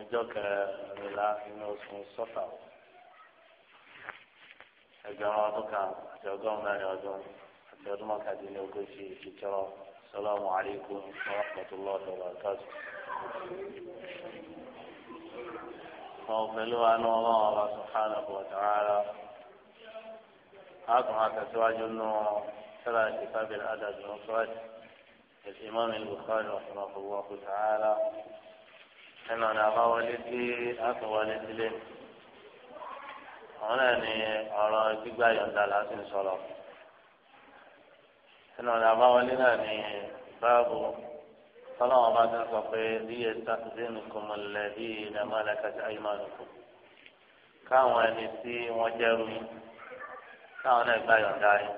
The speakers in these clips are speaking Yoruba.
ọjọ́ kẹrìnlá inú oṣù sọ́fà ẹgbẹ̀rún ọdún kan àti ọgọ́rùn-ún mẹ́rin ọdún àti ọdún mọ́kàndínlógójì ìṣìṣọ́rọ́ salamu alaykum wa rahmatullahi wa barakatuh. wọn pẹ̀lú àánú ọlọ́run ọba subhanahu wa ta'ala àtúnwá tẹ̀síwájú nù sẹ́lá ìfábìlì adàbí ọ̀sọ́ọ̀dì ìsìmọ́mì Bukhari rahmatullahi ẹnu ọ̀nà àbáwọlé tí a tún wọlé sílé àwọn náà ní ọ̀rọ̀ gbígbà yọ̀ǹda láti ń sọ̀rọ̀ ẹnu ọ̀nà àbáwọlé náà ní báàbò tọ́lọ́wọ́n bá ti ń sọ pé díẹ̀ sínú kọmọlẹ̀ bíi nàmọ́lẹ̀ kàtí àyùmọ̀lùkù káwọn ẹni tí wọ́n jẹ́rú yín káwọn náà gbà yọ̀ǹda yín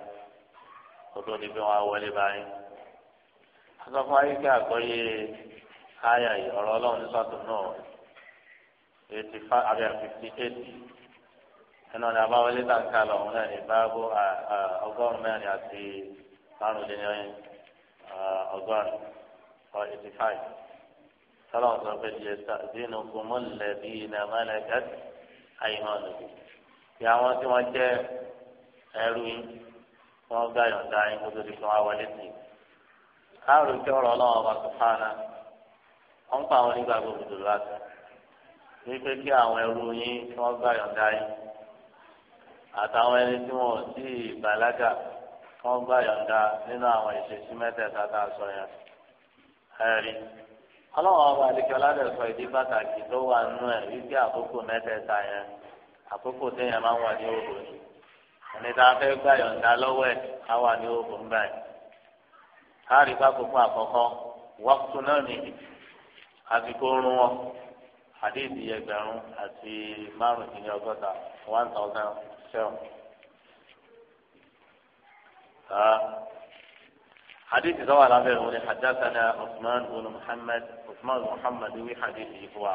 kó tó di pé wọ́n á wọlé báyìí. a sọ fún ayé àgbọ́yé aya yìí ọ̀rọ̀ ọlọ́run ní sọ́tò náà eighty five àbí fifty eight ẹnu ọ̀nà àbáwọlé tàǹkà lọ òun náà ní báàbò ọgọ́rùn-ún mẹ́rin àti márùndínlẹ́yìn ọgọ́rùn-ún or eighty five sọlọ́n sọ pé ṣe dínú kùmùlẹ̀ bíi iná mẹ́lẹ̀kẹ́t àyìnbó lòdì bí àwọn tí wọ́n jẹ́ ẹrú yín wọ́n gbà yọ̀ǹda yín kó tó di fún wa wọlé sí i. káàrò kí ọ̀rọ̀ ọlọ́run ọba tó fáná. wọ́n pa àwọn onígbàgbọ́ òdòdó láti wípé kí àwọn ẹrú yín kí wọ́n gbà yọ̀ǹda yín àtàwọn ẹni tí wọn ò tí ì kí wọ́n gbà nínú àwọn ìṣesí tá a sọ yẹn ẹ̀rí ọlọ́wọ́n ọba àdìkẹ́ ọládẹ́sọ ìdí pàtàkì tó wà nínú ẹ̀ wípé àkókò mẹ́tẹ̀ẹ̀ta yẹn àkókò téèyàn máa ń wà ní òbò ni ẹni tá a fẹ́ gbà lọ́wọ́ á wà ní òbò káàrí àsìkò oorun wọn hadithi ẹgbẹ̀rún àti márùndínlọ́gọ́ta one thousand seven. حديث سواء الأبيض حدثنا عثمان بن محمد عثمان بن محمد وي حديثه هو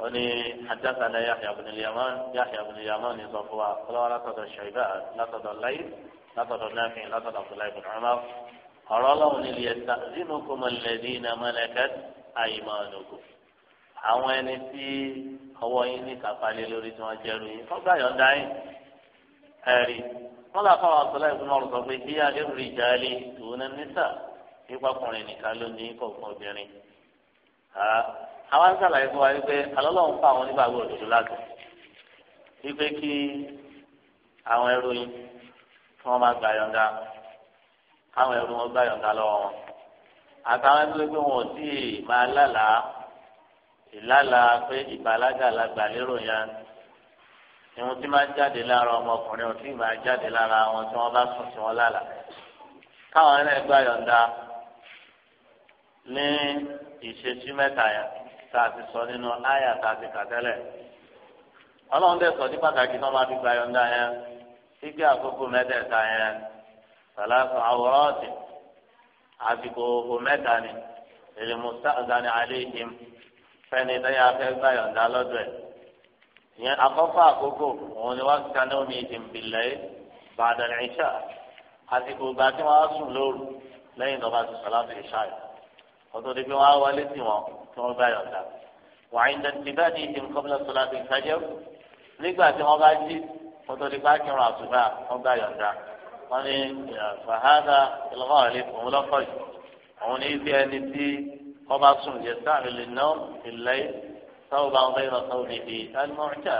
وني حدثنا يحيى بن اليمان يحيى بن اليمان صفوا قال لا تدع الشيبان لا تدع الليل لا تدع نافع لا تدع عبد الله بن عمر قال الله ليستأذنكم الذين ملكت àyèmọ̀ọ́nùkù àwọn ẹni tí ọwọ́ yín ní kàfálẹ́ lórí tí wọ́n jẹ́rú yín wọ́n gbà yọ̀ǹda yín ẹ̀rí wọ́n là fáwọn àtọ́lá ìfún ọ̀rọ̀ sọ pé bí adébùrì ìjàlè tòun ní nísà nípakùnrin nìkan ló ní kọ̀ọ̀kan obìnrin. àwọn sàlàyé fún wa wípé alọ́lọ́run fún àwọn onígbàgbọ́ òdodo láti wípé kí àwọn ẹrú yín kí wọ́n máa gbà yọ̀ǹda káwọn ẹrú wọn gbà yọ̀ǹda lọ́wọ́ wọn àtàwọn tó gbé wọn tí máa lálàá ìlàlàá pé ìbàlágà la gbà lérò yẹn ìwọn tí máa jáde lára ọmọkùnrin òtí máa jáde lára wọn tí wọn bá sùn sí wọn lálàá káwọn náà gbà yọ̀ǹda ní ìṣesí mẹ́ta yẹn tá a ti sọ nínú àyà tá a ti kà tẹ́lẹ̀ ọlọ́run tẹ̀ sọ ní pàtàkì náà máa fi gbà yọ̀ǹda yẹn kíkẹ́ àkókò mẹ́tẹ̀ẹ̀ta yẹn pẹ̀lú àwòrán ọ̀sìn àsìkò òhò mẹ́ta ni èlèmùsá ọ̀dánì àléhìm fẹ́ni tẹ́yà fẹ́ gbà yọ̀ǹda lọ́dọ̀ ẹ̀. ìyẹn àkọ́kọ́ àkókò òun ni wọ́n kíkan náà mi ìdìm bìlẹ̀ bàdàlẹ̀ ìṣá àsìkò ìgbà tí wọ́n á sùn lóru lẹ́yìn tó ti sọ láti ìṣá yìí. wọ́n tó pé wọ́n á wọlé sí wọn tí wọ́n gbà yọ̀ǹda. wàhíń dantibáàdì ìdìm kọ́bílẹ̀ sọ láti ìṣá jẹ́ nígbà tí wọ́n bá jí wọ́n tó pé wọn ní fàhádà ìlọ́wọ́ àlẹ́ òun lọ́kọ̀ yìí òun ní bí ẹni tí wọ́n bá sùn yẹ sáàrì lè ná ìlẹ́ sáwọ́ bá ń bẹ́ lọ sáwọ́ níbi alimọ́jà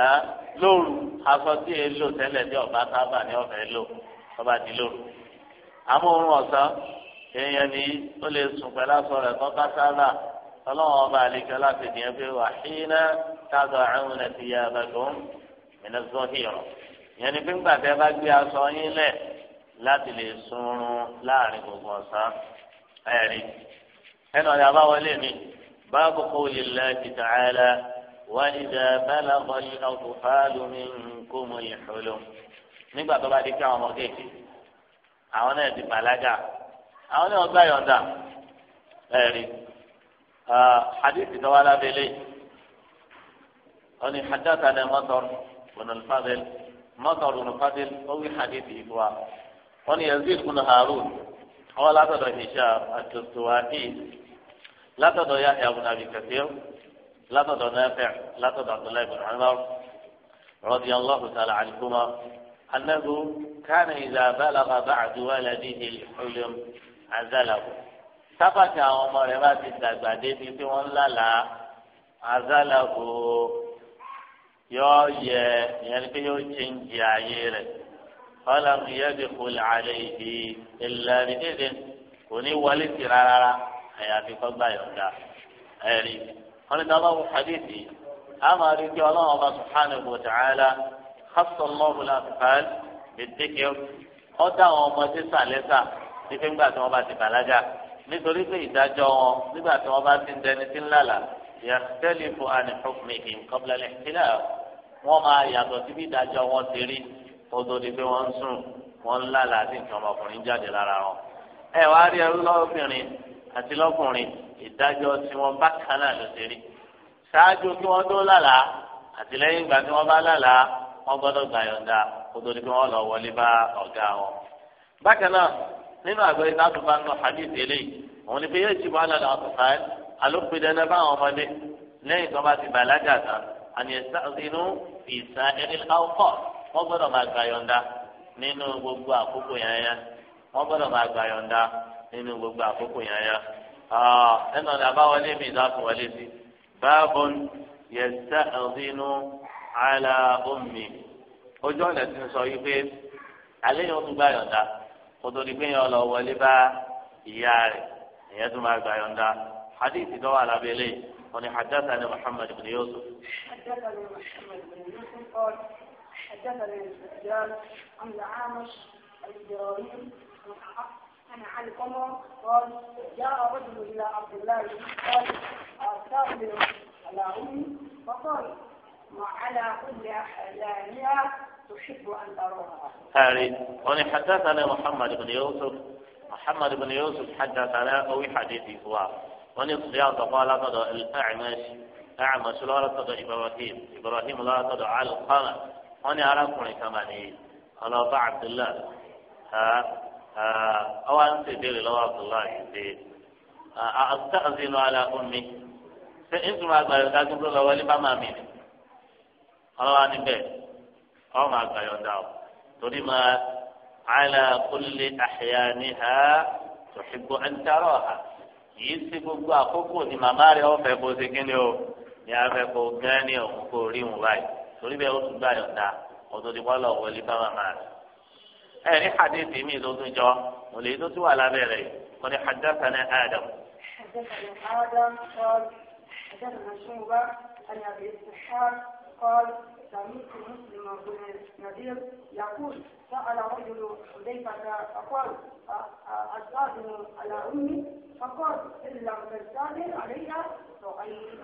ẹ̀ lóru aṣọ tí èé lò tẹ́lẹ̀ tí ọba sábà ní ọ̀fẹ́ lò ọba di lóru àmọ́ òun ọ̀sán èèyàn ni ó lè sùn pẹ̀lú aṣọ rẹ̀ kọ́ kásáàlà ọlọ́wọ́n ọba àlejò aláṣẹ ìdíyẹn pé wàhíná táàgọ̀ àrùn ẹ̀ ti yẹn ni bí ńgbà tẹ bá gbé aṣọ yín lẹ̀ láti lè sunrun láàrin gbogbo ọ̀sán ẹ̀rí ẹnu ọ̀dà bá wọlé mi báàbù qawlillahi ta'ala wa idha balagha al-atfalu minkum al-hulum nígbà tó bá di kí àwọn ọmọ kéèké àwọn náà ti bàlágà àwọn náà gbá yọ̀ǹda ẹ̀rí hadith tó wá lábẹ́lẹ́ wọn ni hadith àná mọ́tọ́rù wọn ni fábẹ́lẹ́. مطر بن فضل أو حديثه هو قال يزيد بن هارون قال لا تدع هشام الدستوائي لا تدع يحيى بن ابي كثير لا تدع نافع لا تدع عبد الله بن عمر رضي الله تعالى عنهما أنه كان إذا بلغ بعد ولده الحلم عزله سبك عمر ما تستعبدين في لا عزله yóò yẹ ìyẹn pé yóò chẹ́ǹjì ayé rẹ̀ ọ̀là mi yẹ kí kò làálẹ̀ ìdí ìlànà ìdí kò ní wọlé sí rárá àyàfi kọ́gbà yọ̀ǹda ẹ̀rí wọn ni dábàá wọ hadithi àmà rí kí ọlọ́run ọba subhanahu wa ta'ala khassa Allahu al-atfal bid-dhikr ó dá àwọn ọmọdé sàlẹ́sà nígbà nígbà tí wọ́n bá ti bàlágà nítorí pé ìdájọ́ wọn nígbà tí wọ́n bá ti dẹni sí ńlá là yakhtalifu an hukmihim qabla al-ihtilaf wọ́n máa yàtọ̀ sí bí ìdájọ́ wọn ti rí kó tó di pé wọ́n ń sùn wọ́n ń lálà àti nǹkan ọmọkùnrin jáde lára wọn. ẹ wá rí ẹrú lọ́kùnrin àti lọ́kùnrin ìdájọ́ tí wọ́n bá kan náà ló ti rí. ṣáájú kí wọ́n tó lálà àti lẹ́yìn ìgbà tí wọ́n bá lálà wọ́n gbọ́dọ̀ gbà yọ̀ǹda kó tó di pé wọ́n lọ wọlé bá ọ̀gá wọn. bákan náà nínú àgbẹ̀ ìdájọba náà hadith eléyìí òun ni àmì ẹ̀sà ìnú ìsà ẹni ọkọ̀ wọ́n gbọ́dọ̀ máa gbà yọ̀ǹda nínú gbogbo àkókò yẹn yẹn wọ́n gbọ́dọ̀ máa gbà yọ̀ǹda nínú gbogbo àkókò yẹn yẹn. Ah, ẹnu ọ̀dà àbáwọlé mi ìdáàtún wọlé sí báàbò yẹ̀sà ìnú àlà omi ojú ọ̀nà ti ń sọ yí pé alẹ́ yẹn ó tún gbà yọ̀ǹda kó tó di pé yẹn lọ bá ìyá rẹ̀ ìyẹn tún máa gbà yọ̀ǹda hadith tó wà lábẹ́lẹ́ yìí. قال حدثنا محمد بن يوسف حدثنا محمد بن يوسف قال حدثنا الزجاج عن العامش الجرائم عن علقمة قال جاء رجل إلى عبد الله قال أرسل على أمي فقال ما على كل أحلامها تحب أن تراها. هذه وني حدثنا محمد بن يوسف محمد بن يوسف حدثنا أو حديثي هو wọ́n ní sùdíà sọ̀kọ́ alátọ̀dọ̀ ẹ̀ẹ́mẹ́sì ẹ̀ẹ́mẹ́sì lọ́wọ́ alátọ̀dọ̀ ibrahim ibrahim lọ́wọ́ alátọ̀dọ̀ alùpàmà wọ́n ní arákùnrin kan màní ọlọ́ba abdullahi ọwọ́ ń ṣe ìbéèrè lọ́wọ́ abdullahi ṣe àtàzínú ala ummi ṣe ìtura àgbàyọ̀ dájú tó lọ́wọ́ ní bámà mi ni ọlọ́wọ́ níbẹ̀ ọmọ àgbàyọ̀ dá o torí máa ala kulli ahyaniha tuhibbu an taraha kì í sí gbogbo àkókò ni màmá rẹ̀ ọ̀fẹ́ bó ṣe kíni o ní afẹ́ kó gán ní òun kó rí òun báyìí torí bẹ́ẹ̀ ó tún gbà yọ̀ǹda ọdún tí wọ́n lọ wọlé bá màmá rẹ̀. ẹ ní hadith mi ló tún jọ mo lè tó tún wà lábẹ́ rẹ̀ wọ́n ní hadathana Adam. hadathana Adam qala hadathana Shu'ba ani Abi Ishaq qala. سميت مسلم بن نذير يقول سأل رجل حذيفة فقال أستاذن على أمي فقال إن لم تستاذن عليها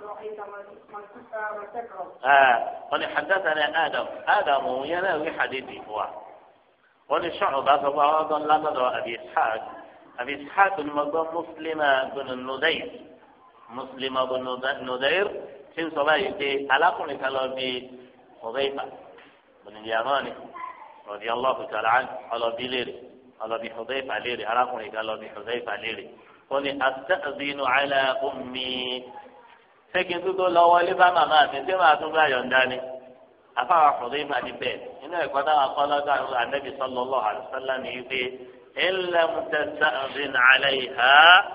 رأيت من تكره. آه قال حدثنا آدم آدم يناوي حديثي هو أيضا لا لقد أبي إسحاق أبي إسحاق المضم مسلم بن النذير مسلم بن النذير tí ń sọ báyìí pé حذيفة بن اليماني رضي الله تعالى عنه على بي على قال بي حذيفة ليري أراكم على بي حذيفة ليري قال أستأذن على أمي فكنت تقول لو ولي فما ما من سمع تبع ينداني أفعل حذيفة لبيت إنه يقول قال النبي صلى الله عليه وسلم يقول إن لم تستأذن عليها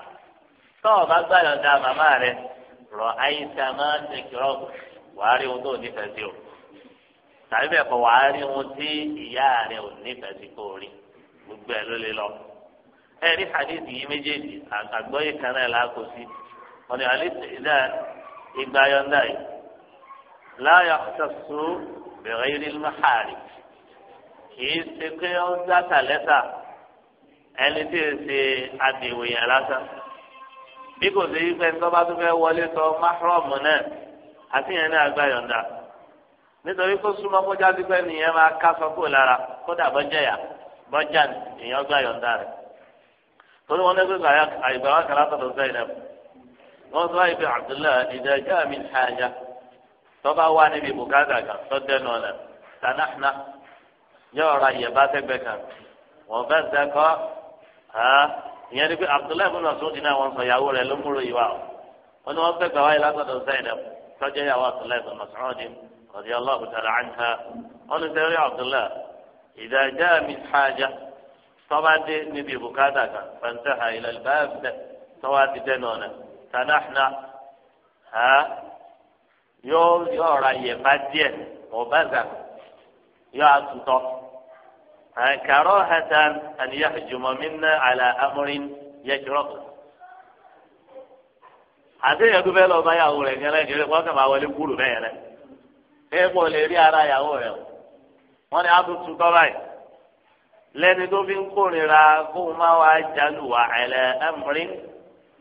tọ́wọ́ bá gbàyọ̀ da màmá rẹ̀ rọ̀ àyíṣà máa tàbí bẹ́ẹ̀ kọ́ wàá rí ohun tí ìyá rẹ̀ ò nífẹ̀ẹ́ sí kó rí gbogbo ẹ̀ ló lè lọ. ẹ rí hadith yìí méjèèjì àgbọ̀yé kan náà láàkó sí wọn ni alẹ́ ìdá ìgbà yọ̀ǹda yìí láyọ̀ ṣàṣù bẹ̀rẹ̀ yìí nínú hàrí kìí ṣe pé ó ń dáta lẹ́tà ẹni tí ì ṣe àdéhùn yẹn lásán bí kò sí ìfẹ́ tó bá tún fẹ́ wọlé sọ máhrọ́ọ̀mù náà àti yẹn náà gbà yọ̀ǹda nítorí kó súnmọ́ kó jáde pé nìyẹn máa ká sọ́kò lára kódà bọ́jẹ̀yà bọ́jà èèyàn gbà yọ̀ǹda rẹ̀ torí wọn lẹ́gbẹ̀ẹ́ gbà àyùbá wa kàlá sọ̀rọ̀ Zainab wọn sọ àyùbá Abdullah ìdájọ́ àmì ìhàjà tọ́ba wà níbi bùkátà kan tọ́jẹ́ náà lẹ̀ tànáhánà yóò ra yẹ̀bá sẹ́gbẹ̀ kan wọ́n bẹ́ sẹ́kọ́ ìyẹn ni pé Abdullah ibùdó sọ ìdí náà wọn sọ ìyàwó رضي الله تعالى عنها قال يا عبد الله إذا جاء من حاجة طبعا دي نبي بكاتك فانتهى إلى الباب تواتي دنونا فنحن ها يو يو رأي فاتية وبزا يو كراهة أن يحجم منا على أمر يجرؤه àti ìyàgbẹ́ lọ́ba yà wò rẹ̀ gẹ́lẹ́ gẹ́lẹ́ wọ́n ẹ̀pọ̀ lè rí ara ìyàwó rẹ̀ o wọ́n ní àtúntò tọ́lá yìí lẹ́ni tó fi ń kórìíra kó o máa wá jálù wá ẹ̀lẹ́ ẹ̀mìrín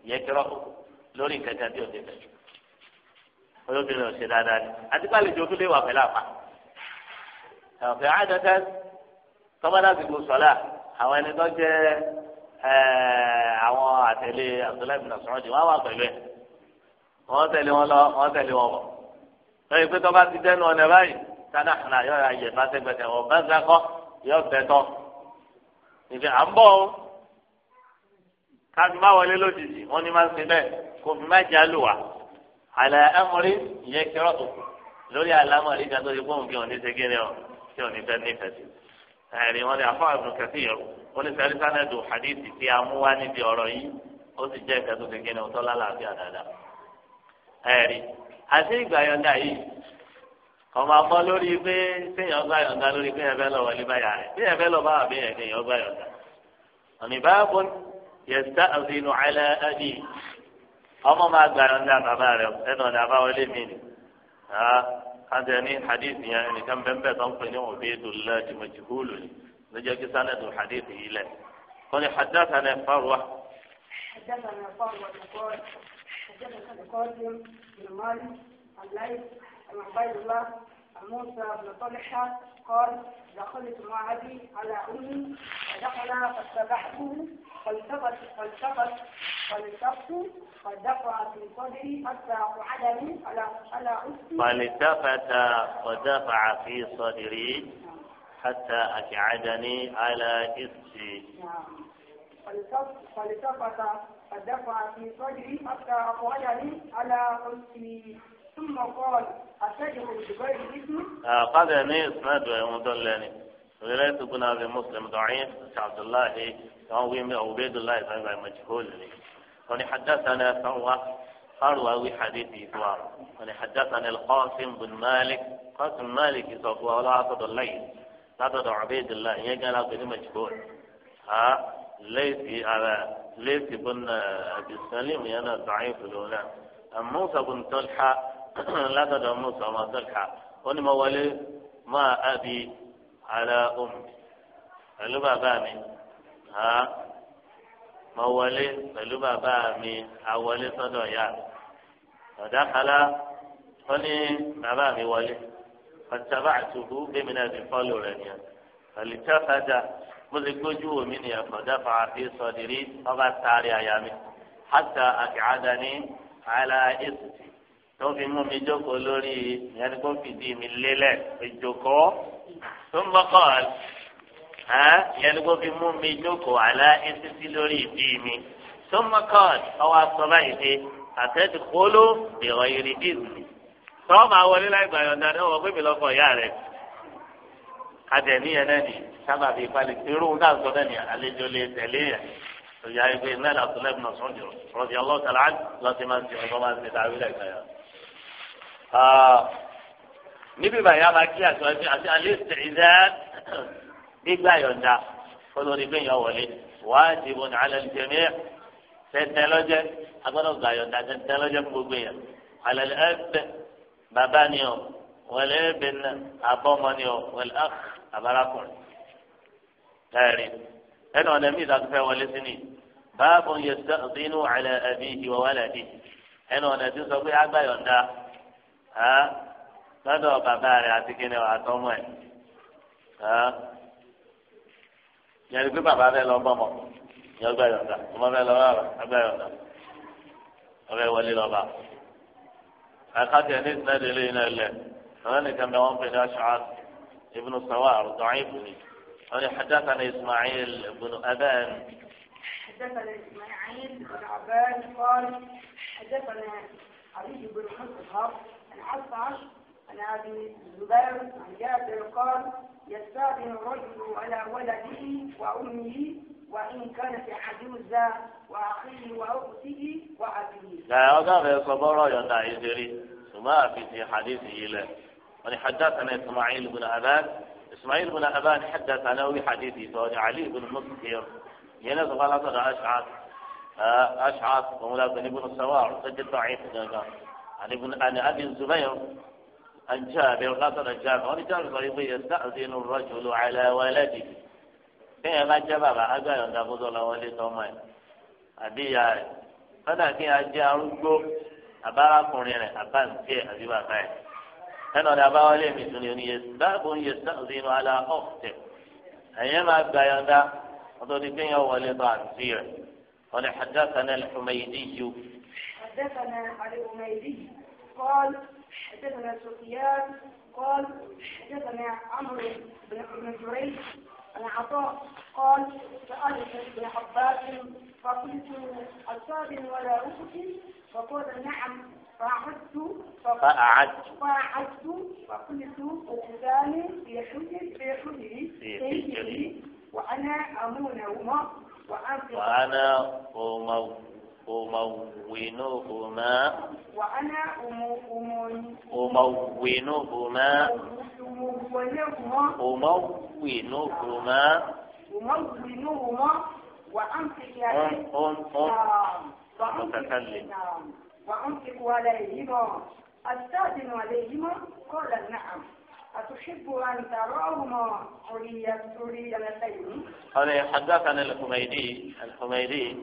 yẹ kírọ́ lórí kẹ̀kẹ́ tí o ti tẹ̀ olóbìnrin ò ṣe dáadáa ni àti pàlejò tó lè wà pẹ̀lú àpá ọ̀fẹ́ àdọ́tẹ́ tọ́mọdé àsìkò sọ́lá àwọn ẹni tó jẹ́ àwọn àtẹ̀lé Abdullahi bin Mas'ud wọ́n wà pẹ̀lú ẹ̀ wọ́n tẹ̀lé wọn lọ wọ́n tẹ̀lé wọn bọ̀ lọ́yìn pé tọ́ba ti dẹ́nu ọ̀nà báyìí tánà hànà yọ ayẹ bá sẹ́gbẹ̀tẹ̀ ọ̀ bá zakọ́ yọ bẹ̀tọ̀ ìfẹ́ à ń bọ̀ o káfí má wọlé lójijì wọn ni máa ń ṣe bẹ́ẹ̀ kò fi má jẹ́ àlùwà àlẹ́ ẹ̀mọ́rí ìyẹn kẹrọ̀ tó lórí àlámọ̀rí kan tó ti gbóhùn kí wọn ní segin ni ọ kí wọn ní fẹ́ nífẹ̀ẹ́ sí ẹ̀rí wọn ni àfọwọ́ ẹ̀bùn kẹsì yọ wọn ní sẹ́rí sánẹ́dù hadithi tí a mú wá níbi ọ̀rọ̀ yìí ó sì jẹ́ ìkẹ́tù segin ni ọ̀tọ́ lálàáfíà dáadáa ẹ̀rí àti ìgbà yọ̀ǹda yìí ọmọ àmọ́ lórí pé téèyàn gbà yọ̀ǹda lórí pé yẹn fẹ́ lọ wọlé báyà rẹ̀ bí yẹn fẹ́ lọ báwà bí yẹn téèyàn gbà yọ̀ǹda. ọ̀nì báàbò yẹ̀sítà àzínú àìlẹ́ ẹ̀dì ọmọ máa gbà yọ̀ǹda bàbá rẹ̀ ẹnu ọ̀nà àbáwọlé mi ni. àti ní hadith yẹn nìkan bẹ́ẹ̀ tó ń pè ní òbí dùlá jìmọ̀jìhúlù ni lọ́jọ́ kí sanadu hadith yìí lẹ̀. kọ́ni القاسم بن مالك الليث بن عبيد الله موسى بن طلحة قال دخلت مع أبي على أمي فدخل فاستبحته فالتفت فالتفت فالتفت فدفع في صدري حتى أقعدني على على أختي فالتفت ودفع في صدري حتى أقعدني على نعم إختي فالتفت فدفع في صدري حتى أخرجني على قلبي ثم قال أشجع بغير اسم قال لي يعني اسناد مدلني ولاية بن أبي مسلم ضعيف عبد الله أو عبيد الله بن مجهول لي وني حدثنا فروة فروة حديث إدوار وني حدثنا القاسم بن مالك قاسم مالك صفوة ولا أصد الليل هذا عبيد الله يجعل أبي مجهول ها آه، ليس على آه، ليث بن أبي سليم أنا ضعيف الأولى موسى بن طلحة لا تدع موسى ما طلحة ونما ولي ما أبي على أمي pẹ̀lú bàbá mi ha mo wọlé pẹ̀lú bàbá mi awọlé sọ́dọ̀ ya ọ̀dà kala wọ́n ní bàbá mi wọlé ọ̀tàbà àtùkù bẹ́mi náà ti fọ́lù rẹ̀ nìyẹn pẹ̀lú tẹ́fàdà bó ṣe gbójú omi ni ẹ̀fọ́dá fàáfi sọ̀dìrí ọba sáré àyà mi hàtà àkìhádà ní àìlà èsùtì tó fi mú mi jókòó lórí ìyẹn kó fìdí mi lélẹ̀ ìjókòó tó ń bọ́kọ̀ ìyẹn kó fi mú mi jókòó àìlà èsùtì lórí ìdí mi tó ń bọ́kọ̀ ọwọ́ asọ́lá ìdí àtẹ́tì kóló ìrọ̀ ìrìdí mi tọ́ máa wọlé láì gbàyànjá ni wọ́n gbé mi lọ́kọ̀ ìyá rẹ̀ adẹ̀níyàn náà ni sábàbí ìpalẹ̀ irú náà sọ náà ni àlejò lè tẹ̀lé yẹn ìyá ìgbé náà làtọ́ lẹ́bùn ọ̀sán jù rọ̀bì ọlọ́ọ̀tàlá lọ́sẹ̀ máa ń ti ọ̀dọ́ máa ń ti dáwí lẹ́ka yẹn. níbi bàyá máa kí àti ọ̀sẹ̀ àti alẹ́ ìṣẹ̀ gbígbà yọ̀ǹda olórí bẹ́ẹ̀ yọ wọlé wájibun ala al-jami' agbọ́dọ̀ gbà yọ̀ǹda tẹ̀tẹ̀ gbogbo yẹn ala al-ab bàbá ni ọ wal ibn àbárakùnrin ẹ̀rín ẹnu ọ̀nà míì láti fẹ́ wọlé sí ni báàbò yẹ sínú àlẹ́ ẹ̀mí ìwọ̀ wálẹ̀ ni ẹnu ọ̀nà tí sọ pé agbáyọ̀ǹda lọ́dọ̀ bàbá rẹ̀ àti kíni àtọ́mọ ẹ̀ yẹn pé bàbá fẹ́ lọ bọ́mọ yẹn agbáyọ̀ǹda ọmọ fẹ́ lọ bàbá agbáyọ̀ǹda ọbẹ̀ wọlé lọ́ba àkàtì ẹ̀ ní náà lẹ̀ ọ̀nà nìkan bẹ́ẹ̀ wọ́n pè ní aṣọ àti. ابن سوار ضعيف قال حدثنا إسماعيل بن أبان حدثنا إسماعيل بن أبان قال حدثنا علي بن مصعب عن عطش عن أبي الزبير عن جابر قال يستأذن الرجل على ولده وأمه وإن كانت عجوزا وأخيه وأخته وأبيه. لا هذا غير صبر يا نعيزري وما في حديثه له. وني يعني حدثنا إسماعيل بن أبان إسماعيل بن أبان حدث أنا حديثي فوني علي بن مسكر ينزل غلط أشعث آه، أشعث ومولى بن ابن السوار سجد ضعيف عن ابن عن أبي الزبير عن جابر غلط جابر وني جابر ضعيف يستأذن الرجل على ولده فيها ما جابر bàbá ágbà yọ̀ǹda gbọ́dọ̀ lọ wọlé tọmọ ẹ̀ àbí ìyá ابا kọ́dà kéèyàn jẹ́ هنا ọ̀dà bá wọlé mi يسبب يستأذن على أخته báàbò ń yẹ sínú ala ọ̀fẹ́ ẹ̀yẹ́ máa gba yọ̀ǹda ọ̀dọ́ حدثنا الحميدي حدثنا الحميدي قال حدثنا سفيان قال حدثنا عمرو بن جريج عن عطاء قال سأل ابن عباس فقلت أصاب ولا ركب فقال نعم فأعدت فأعدت فقلت أقدامي في حجر في حجري في حجري وأنا أمونهما وأنا أمو أمونهما وأنا أمونهما أمونهما أمونهما وأمسك يديك متكلم وأنفق عليهما أستأذن عليهما قال نعم أتحب أن تراهما حريتين هذا عن الحميدي الحميدي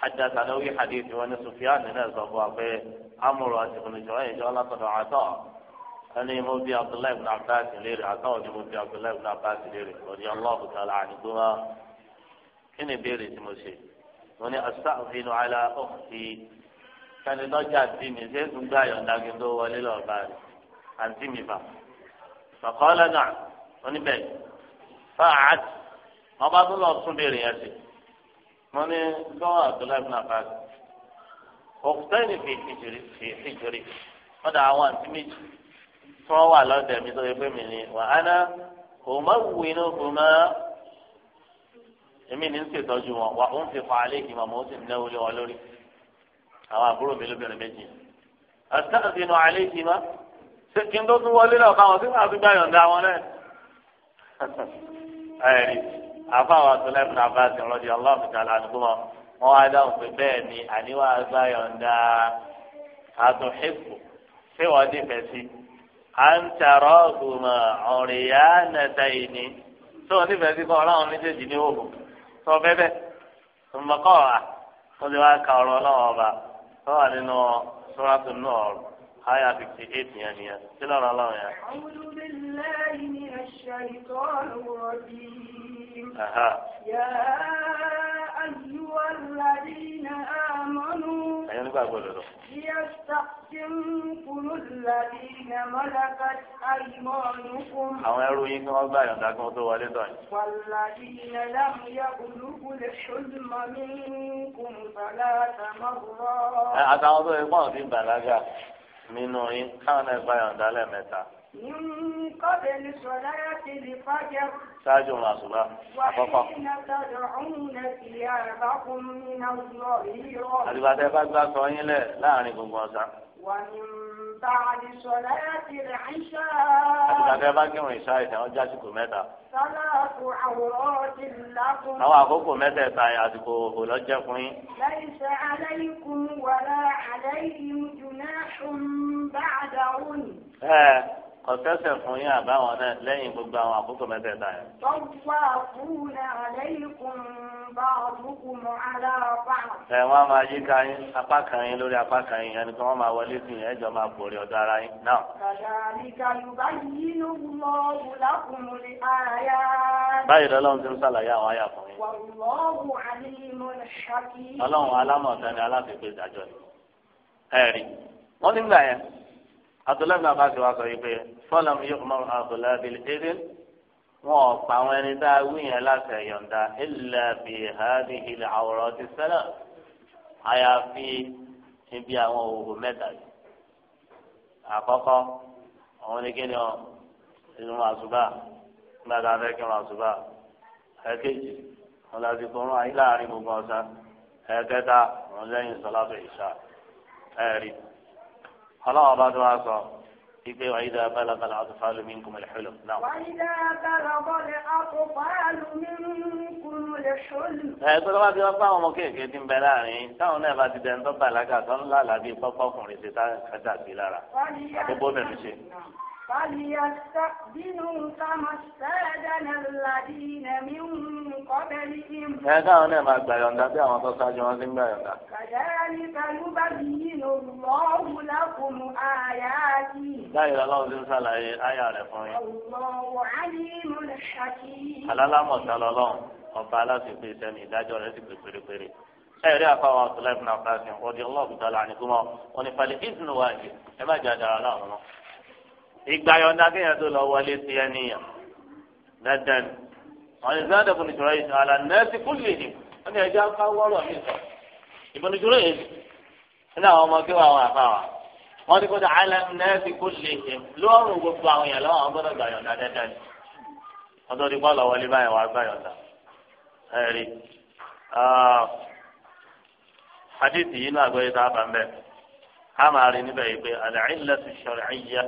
حدث عن أبي حديث وأن سفيان بن في عمرو بن جريج قال قد عطاء يموت مولى عبد الله بن عباس ليري عطاء مولى عبد الله بن عباس ليري رضي الله تعالى عنهما كني بيري تمشي وني أستأذن على أختي sani lọ́jà tí mi ṣe é tún gbé àyọ̀ǹda kí n tó wọlé lọ́ọ̀bá rẹ̀ àǹtí mi fà. Bàkọ́lá náà oníbẹ̀ fáàt ọba tó lọ tún béèrè yẹn sí. Mo ní lọ́wọ́ àdúrà ìbùnà fáàt. Òkùtẹ́ni fi hìjìrì fi hìjìrì. Wọ́n àwọn àǹtí méjì tí wọ́n wà lọ́dẹ̀ mi tó yẹ pé mi ni wà á ná kò má wù inú kò má. Èmi ní ń ṣètọ́jú wọn, wà ó ń fi pa alẹ́ ìgbìmọ̀ mọ́ ó sì ń náwó lé wọn lórí àwọn àbúrò mi lóbìnrin méjì àtàzínú àléjìmá ṣé kí n tó tún wọlé náà káwọn sí máa tún gbà yọ̀ǹda wọn náà ẹ̀rí àfáwọn àtúnlẹ́fún abáàsì rọ́jì ọlọ́ọ̀fù tààlà àdúgbò wọn wá dáhùn pé bẹ́ẹ̀ ni àníwá gbà yọ̀ǹda àtúnṣepò ṣé wọ́n dì fẹ́ sí à ń tàrọ́ ọ̀gbùnmọ̀ ọ̀rìyá nàta ìní tó o nífẹ̀ẹ́ sí kọ́ ọlọ́run méjèèjì ní òògùn tó bẹ́ẹ̀ bẹ́ẹ̀ tọ́wà nínú sọ́ràtù náà àyà fifty eight yẹn nìyẹn sí lọ́rọ̀ ọlọ́run yẹn. أعوذ بالله من الشيطان الرجيم يا أيها الذين آمنوا onígbàgbọ́ lọ́dọ̀. àwọn ẹrú yín kí wọ́n gbà yọ̀ǹda kí wọ́n tó wọlé tọ̀ yín. àtàwọn tó yẹ pọ́n ti bàlágà nínú yín káwọn náà gbà yọ̀ǹda lẹ́ẹ̀mẹ́ta. nǹkan bẹ̀rẹ̀ sọ̀rọ̀ láti lè fàjẹ́ ṣáájú ọ̀rọ̀ àṣùbá àkọ́kọ́. àdìbàtà ẹ̀fà gbà sọ yín lẹ̀ láàrin gbogbo ọ̀sán. àdìbàtà ẹ̀fà kírun ìṣá ìtàn ọjà àsìkò mẹ́ta. àwọn àkókò mẹ́tẹ̀ẹ̀ta àsìkò òlọ́jẹ́ fún yín. lẹ́yìn aláìkún wàrà àlẹ́ yìí jùlọ ṣùgbọ́n bá àdáwò ni kọ̀tẹ́sẹ̀ fún yín àbáwọn náà lẹ́yìn gbogbo àwọn àkókò mẹ́tẹ̀ẹ̀ta yẹn. tọ́gbà fúnra àlẹ́yìnkùn bá ọdúnkùn aláàbà. ẹ wọn máa yí ká yín apá kan yín lórí apá kan yín ẹni tí wọn máa wọlé sí yín ẹjọ máa borí ọ̀dọ̀ ara yín náà. kàdàríkà yorùbá yìí ló ń lọ wùlákùnrin àyà. báyìí lọ́lọ́run ti ń ṣàlàyé àwọn àyà fún yín. wàlúwọ̀wù àlímọ̀ ṣàkí. ọlọ́run alámọ̀tán ni aláfẹ́fẹ́ abdullahi bin abbas wa sọ yìí pé fọlọm yóò mọ abdullahi bin edin wọn ò pa àwọn ẹni tá a wí yẹn láti ẹ̀yọ̀ǹda illa bi hadhihi al-awrat as-salat àyàfi níbi àwọn òwò mẹ́ta yìí àkọ́kọ́ àwọn oníkéde ọ inú àṣùbà nígbà tá a fẹ́ kí wọn àṣùbà ẹ̀kejì wọn láti kọrún ayé láàrin gbogbo ọ̀sán ẹ̀kẹta wọn lẹ́yìn sọlá fẹ̀ ìṣá ẹ̀rí ọlọ́wọ́ bá tó wá sọ ìgbé wa ìdá balaba la àtúfà lómi nkùmọ̀ lè xulù náà. wà ìdá balaba la àtúfà lómi nkùmọ̀ lè xulù. ẹ gbọ́dọ̀ wá bí wọ́n bá àwọn ọmọ kéèké ti ń bẹ láàrin táwọn náà bá ti dẹ̀ ń tọ́ bàlágà tó ń lálàá bíi pọ́pọ́kùnrin ti tá kájà sí lára àti bóbẹ̀rù ṣe. فليستأذنوا كما استأذن الذين من قبلهم هذا أنا ما بيان ده أما تصاج ما زين بيان ده كذلك يبين الله لكم آياته لا إله إلا الله زين سلا آية رفعي الله عليم حكيم على لا مسألة الله ọba aláṣepé sẹni ìdájọ́ rẹ̀ sì pé pérépéré ẹ rí àfàwọn àtúlẹ̀ fún àbáṣe ọdí ọlọ́ọ̀bù tó la ní kúmọ́ wọn ni falẹ̀ ìdùnnú wáyé ẹ má jẹ́ àdàrà láwọn náà. ìgbà yọ̀ǹda kéèyàn tó lọ wọlé sí ẹ níyàn dandan wọn ni sọ́dọ̀ bùnú jùlọ yìí sọ àlà nẹ́ẹ̀sì kú lè wọn ni ẹjọ́ ká wọ́rọ̀ mi sọ ìbùnú jùlọ yìí nínú àwọn ọmọ kí wọn wọn ni gbogbo àwọn àwọn gbà dandan wọn tó kọ́ lọ wọlé báyìí gbà yìí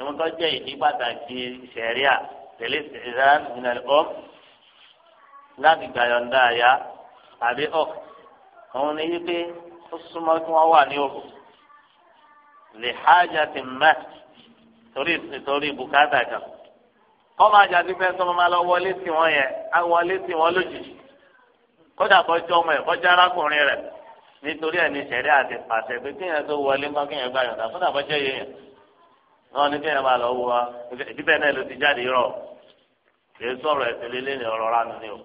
ìwọ́n tó jẹ́ ìdí pàtàkì sẹ̀ríà tẹ̀lé ìran ìnàlẹ́ ọ́m láti gbàyọ̀ǹda àyà àbí ọ̀ òun ni wípé ó súnmọ́ kí wọ́n wà ní òkú lè hájà tì mẹ́ torí nítorí bùkátà kan kọ́ máa jáde fẹ́ sọ́mọ́ máa lọ wọlé sí wọn yẹn á wọlé sí wọn lójijì kódà kọjọ́ ọmọ ẹ̀ kọjá arákùnrin rẹ̀ nítorí ẹ̀ ní sẹ̀ríà ti pàṣẹ pé kéèyàn tó wọlé mọ́ kéèyàn gbàyọ̀ǹda kódà kọjá yẹn wọn ní kéèyàn máa lọ wọ wa ìdíbẹ̀ náà ló ti jáde rọ èyí sọ̀rọ̀ ẹ̀sẹ̀ lélẹ́ ní ọ̀rọ̀ ránù ni o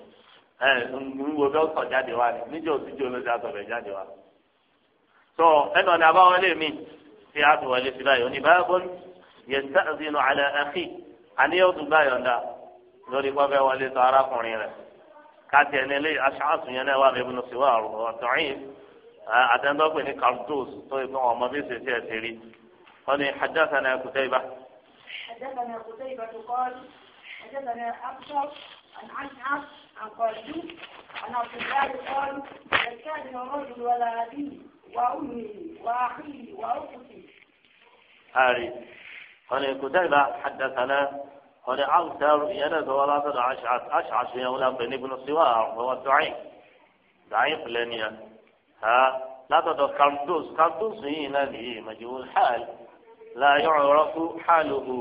ẹ ń bí ó sọ jáde wa ni níjẹ́ òsíjẹ́ olóṣèlú àtọ̀bẹ̀ jáde wa. tó ẹnu ọ̀nà àbáwọlé mi tí a ti wọlé sí òní báyìí bọ́n yẹ sẹ́ẹ̀sìnù alẹ́ ẹ̀kí àníyàn tún gbà yọ̀ǹda lórí pọ́fẹ́ wọlé sọ arákùnrin rẹ̀ káàtì ẹni lé aṣáàtù yẹn náà wà قال حدثنا قتيبة حدثنا قتيبة قال حدثنا أبشر عن عنعم عن قاسم عن عبد الله قال زكاني الرجل ولا أبي وأمي وأخي وأختي هاري قال قتيبة حدثنا قال أوتر ينز ولا تدع أشعث أشعث يولى بن ابن السوار وهو ضعيف ضعيف لنيا ها لا تدع كردوس كردوس هنا مجهول حال la yu'rafu haluhu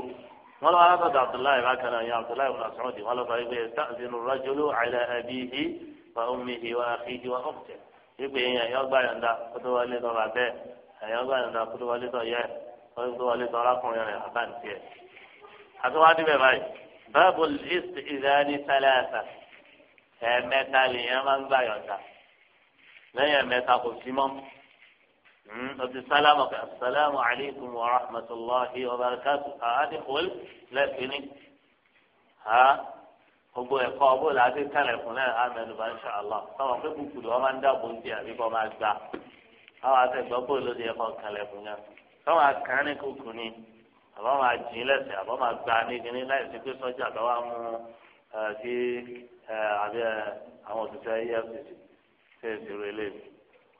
wọn lọ wàlá tọdọ abdullahi bákan náà yẹn abdullahi ibn Mas'ud wọn lọ sọ wípé yasta'zinu ar-rajulu ala abihi wa ummihi wa akhihi wa ukhtihi wípé yẹn yọ gbà yọ̀ǹda kótó wọlé tọ bàbẹ yọ gbà yọ̀ǹda kótó wọlé tọ yẹ kótó wọlé tọ arákùnrin rẹ àbáǹtí ẹ. àtiwájú bẹ́ẹ̀ báyìí báàbò list ìdáni sálẹ́sà ẹ̀ẹ̀mẹ́ta lèèyàn máa ń gbà yọ̀ǹda lẹ́yìn ẹ̀ẹ̀mẹ́ta ọtí sálámù hmm, ọkọ asalaamu aleykum wa rahmatulahi wa barakatu àádé kòl lẹ́kìnní ha gbogbo ẹ̀kọ́ ọbọ̀ làádé kálẹ̀kùn náà amẹ́nuba inṣàlá táwọn pé kùkùdù wọn máa ń dáàbò ń jẹ àbíkọ́ máa gbà àwọn àtẹ̀gbọ́ bò lóde ẹ̀kọ́ kálẹ̀kùn náà táwọn akànnì kùkù ni àbá máa jìn lẹ́sẹ̀ àbá máa gba nígbìní láìsí pé sọ́jà bá wà mú eh, sí eh, eh, àwọn òṣìṣẹ́ efcc ṣe ìṣirò eléyìí.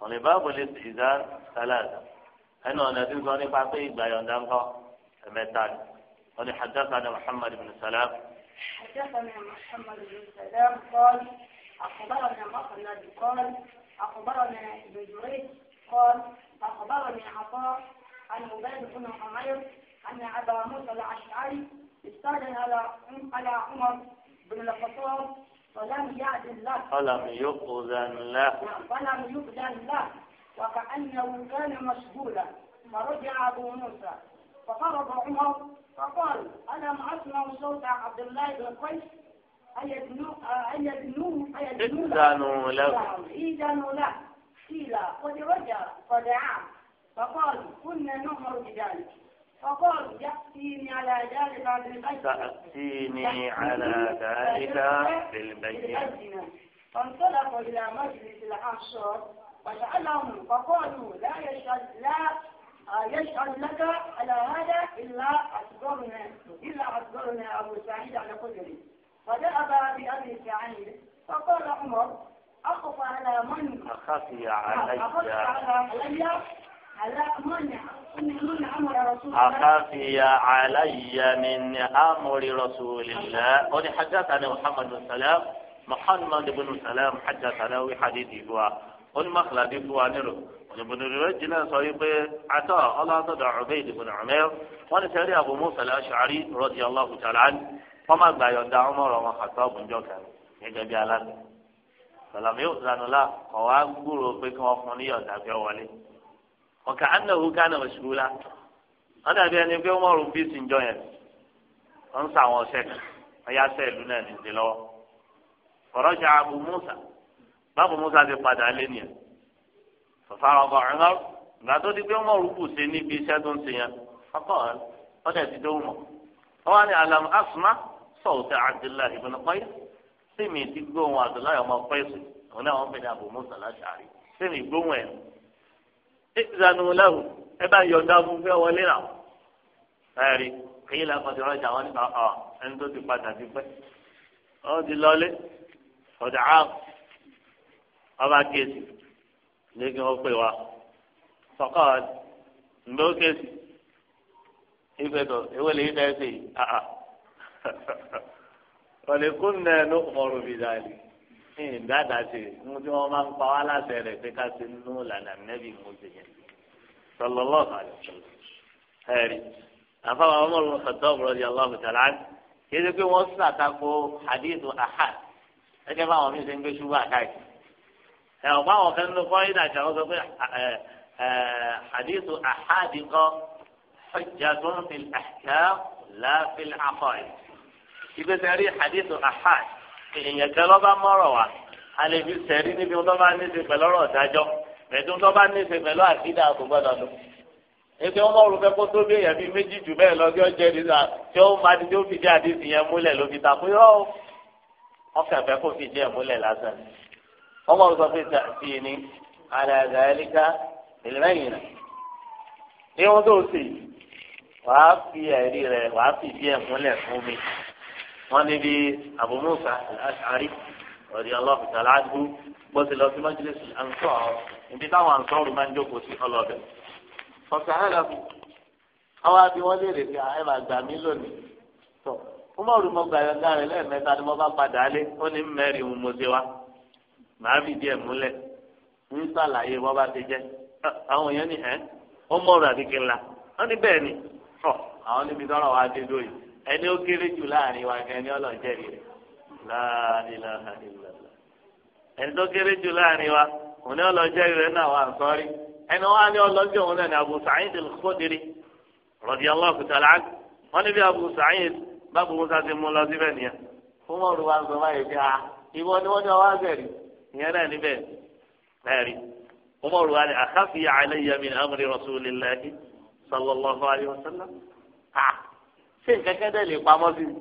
ọ̀nà ìbáàbò lè sì ìdá sálàdà ẹnu ọ̀nà tí ń sọ nípa pé ìgbà yọ̀ǹda ńkọ ẹ̀mẹ́ta ni wọ́n ní hadathana muhammad bin salam. hadathana muhammad bin salam qal akhbarana maqnad qal akhbarana ibn jurayj qal akhbarani عطاء عن عباد بن عمير أن أبا موسى الأشعري استأذن على ولم يؤذن له ولم يؤذن له وكأنه كان مشغولا فرجع أبو موسى فقرب عمر فقال ألم أسمع صوت عبد الله بن قيس أيدنوه له إذنوا له قيل قد رجع فدعا فقال كنا نؤمر بذلك فقالوا يأتيني على ذلك بالبينة تأتيني على ذلك بالبينة فانطلقوا إلى مجلس العشر وسألهم فقالوا لا يشهد لا يشهد لك على هذا إلا أصدرنا إلا أصدرنا أبو سعيد على قدري فذهب بأبي سعيد فقال عمر أخف على من أخفي علي أخفي علي أخافي علي من أمر رسول الله قد حدثنا محمد بن سلام محمد بن سلام حدثنا وحديثه هو قل مخلد بن وانيرو ابن الرجل صيب عطاء الله تدع عبيد بن عمير وانا أبو موسى الأشعري رضي الله تعالى عنه فما لا يدع عمر وخطاب جوكا يجب على سلام يؤذن الله قوام قولوا بكم وفنية تابعوا عليه ọ̀kà anahu kánà òṣùwòlá wọn dàbí ẹni pé wọn rún bíìsì ń jọ yẹn wọn ń sa àwọn ọsẹ kan wọn yá sẹ ìlú náà nìdí lọ́wọ́ fọrọṣà abu musa bábu musa ti padà lé nìyẹn fàfà ọkọ ọ̀nà ìgbà tó di pé wọn rún bùsẹ níbi iṣẹ́ tó ń ṣe yẹn ọkọ wọn dẹ̀ ti dóhùn mọ́ wọn wá ní alam asma sọ̀tẹ̀ abdullahi ibn qais sèmi ti gbóhùn abdullahi ọmọ qais òun náà wọn bẹ ní abu musa láṣàárí sèmi gbóhùn ẹ̀ ìzànù lẹ́wù ẹ bá yọ̀ǹda fún fẹ́ wọlé rà wọ́n. ẹ̀rí kí ilà kan ti rọjà wọn nípa ọ̀ ẹni tó ti padà ti pẹ́. ó ti lọlé ọ̀dà á ọba kéésì ní kí wọ́n pè wá. sọ́kọ́ ǹdó kéésì ìfẹ́ tó ewé lè fẹ́ ṣe yìí. wọ́n lè kún nẹ́ẹ̀ ní yìí ìdáàdá ṣe mú tí wọ́n máa ń pa wá láṣẹ rẹ̀ pé ká ṣe nínú ìlànà nẹ́bí mú ṣe yẹn sọlọ́lọ́ ẹ̀rí àfáwọn ọmọ ọmọ ọ̀tọ́ ọ̀bùrọ̀dì aláàbò tàlá kí ẹsẹ̀ pé wọ́n ṣàtakò àdéhùn àhà ẹgbẹ́ báwọn mi ṣe ń gbé ṣubú àkáyì ẹ̀ ọ̀pá àwọn fẹ́ nínú kọ́ ìdá àti sọ pé àdéhùn àhà di kọ́ ọjà tó ń fi àṣà láàfin àkọ́ ẹ̀ ìgbésẹ̀ rí àdéhùn àhà èèyàn kan lọ́ba mọ́rọ̀ wa a lè fi sẹ́rí níbi tó bá ní í ṣe pẹ̀lú ọ̀rọ̀ ìdájọ́ pẹ̀lú tó bá ní í ṣe pẹ̀lú àkídà kò gbọ́dọ̀ lọ. ètò ọmọ olùfẹ́ kó tó bí èèyàn bíi méjì jù bẹ́ẹ̀ lọ sí ọjọ́ ìdí náà tí ó máa di tí ó fi dé àdéhùn yẹn múlẹ̀ ló fi tàkó yọ ọ́ ọkàn fẹ́ kó fi dé ẹ̀ múlẹ̀ lásán. ọmọ olùsọ fi wọn níbi Abu Musa al-Ash'ari radiyallahu ta'ala anhu bọ́sẹ̀ lọ sí majlis al-ansar níbi táwọn ansọ́ọ̀rù máa ń jókòó sí ọlọ́dẹ. fọ̀sàhálà àwọn àbí wọn lè rè pé ah, ẹ máa gbà mí lónìí. tó ó mọ̀ rí mo gbà yọ̀ǹda rẹ̀ lẹ́ẹ̀mẹ́ta ni mo bá padà lé ó ní mẹ́rin mo ṣe wa màá fi díẹ̀ múlẹ̀ ń sàlàyé wọ́n bá ti jẹ́ àwọn èèyàn ní ẹ́ ó mọ̀ rà wọ́n ní bẹ́ẹ̀ ni àwọn níbi tọ́rọ̀ wa dé dóyìí ẹni ó kéré jù láàrin wa kan ẹni ọlọ́jẹ́ rí rẹ̀ láàrínlá àdìlá ẹni tó kéré jù láàrin wa òun ní ọlọ́jẹ́ rí rẹ̀ náà wà sọ́rí ẹni wọn á ní ọlọ́jẹ́ òun náà ní Abu Sa'id al-Khudri radiyallahu ta'ala anhu wọn níbi Abu Sa'id bábù musa ti mú lọ síbẹ̀ nìyẹn fún mọ́rù wa sọ báyìí bí a ah, ìwọ ni wọ́n ní ọwọ́ àgbẹ̀rì ìyẹn náà níbẹ̀ bẹ́ẹ̀rì fún mọ́rù wa ni àkàfi alayya min amri rasulillahi sallallahu alayhi wa sallam ah, ṣé nkẹ́kẹ́ dẹ̀ lè pamọ́ sí i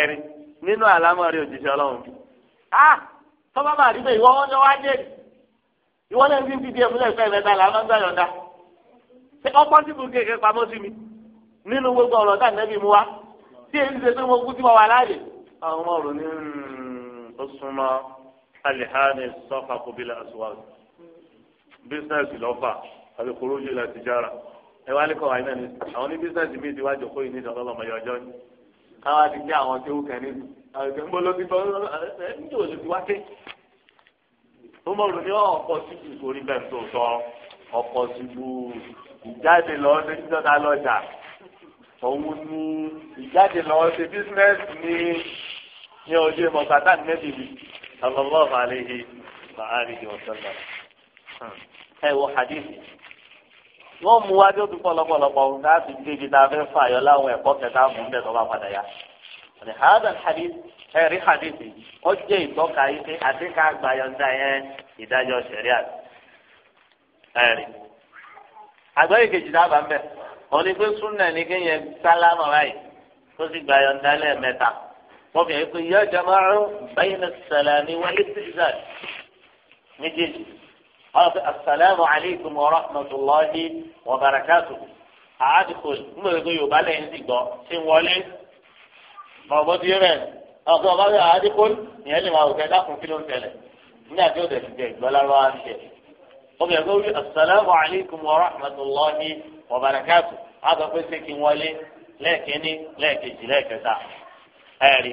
ẹ̀rí nínú àlámọ̀rí òjijì ọlọ́run a ah! tọ́ba máa rí bẹ́ẹ̀ ìwọ wọn jọ wá jẹ́ ìwọ náà ti ń fi di ẹ̀fúnlẹ̀ ìfẹ́ mẹ́ta là máa ń gbàyàn dá ṣé ọpọ́n tí mo kéèké pamọ́ sí mi nínú gbogbo ọ̀rọ̀ tá nẹ́bí mu wá tí èyí ṣe pé mo kú tí mo wà àwọn ọmọ ọ̀rọ̀ ní hmm, ó súnmọ́ alihani sọ́fà kò bí lọ́sọ̀wá bísíǹsì lọ́fà àbí kòrójì láti jára ẹ wá lẹkọọ wáyé náà ní àwọn ní bísíǹsì bíi tiwájú kó yìí ní ìṣọ̀tọ̀ lọ́mọ yọ ọjọ́ ni káwá ti gbé àwọn tí ó kẹ́ ní àgbẹ̀ ń bọ́ ló ti tọ́ ẹ ń jò lè ti wá ké ó mọ̀ lóní ọkọ̀ síbi ìkórí bẹ́ẹ̀ tó sọ ọkọ̀ síbu ìjáde lọ ṣe jíjọ́ta lọ́jà òun ni ìjáde lọ ṣe bísíǹsì ní ní ojú mọ̀kátà nẹ́bìbì sallallahu alaihi wa alihi wa sallam wọ́n mú wá tó tún pọ̀lọpọ̀lọpọ̀ ọ̀hún láti débi tá a fẹ́ fà yọ láwọn ẹ̀kọ́ kẹta mú bẹ́ẹ̀ tó bá padà yá. ọ̀nà hadal hadith ẹ̀rí hadith yìí ó jẹ́ ìtọ́ka yìí pé àti ká gbayọ̀ǹda yẹn ìdájọ́ sẹ̀ríà ẹ̀rí. àgbáyé kejì dábàá mbẹ́ wọ́n ní pé súnà ní kéèyàn sálámà ráì tó sì gbayọ̀ǹda lẹ́ẹ̀mẹ́ta wọ́n fi hàn pé yọ ọlọ́pẹ́ asalaamu aleykum wa rahmatulahi wa barakatu àádìkò múlẹ̀kọ́ yorùbá lẹ́yìn ti gbọ́ ṣé ń wọlé ọ̀bọ ti rẹ̀ ọ̀pẹ́ ọba bẹ́ẹ̀ àádìkò ìyẹn lè máa wò kẹ́ẹ́ dákun kí ló ń tẹ̀lẹ̀ ní àti òde ti jẹ ìgbọ́lára wa ń tẹ̀ ọbẹ̀ kó wí asalaamu aleykum wa rahmatulahi wa barakatu àgbàpẹ́ ṣé kí ń wọlé lẹ́ẹ̀kẹ́ni lẹ́ẹ̀kejì lẹ́ẹ̀kẹta ẹ̀rí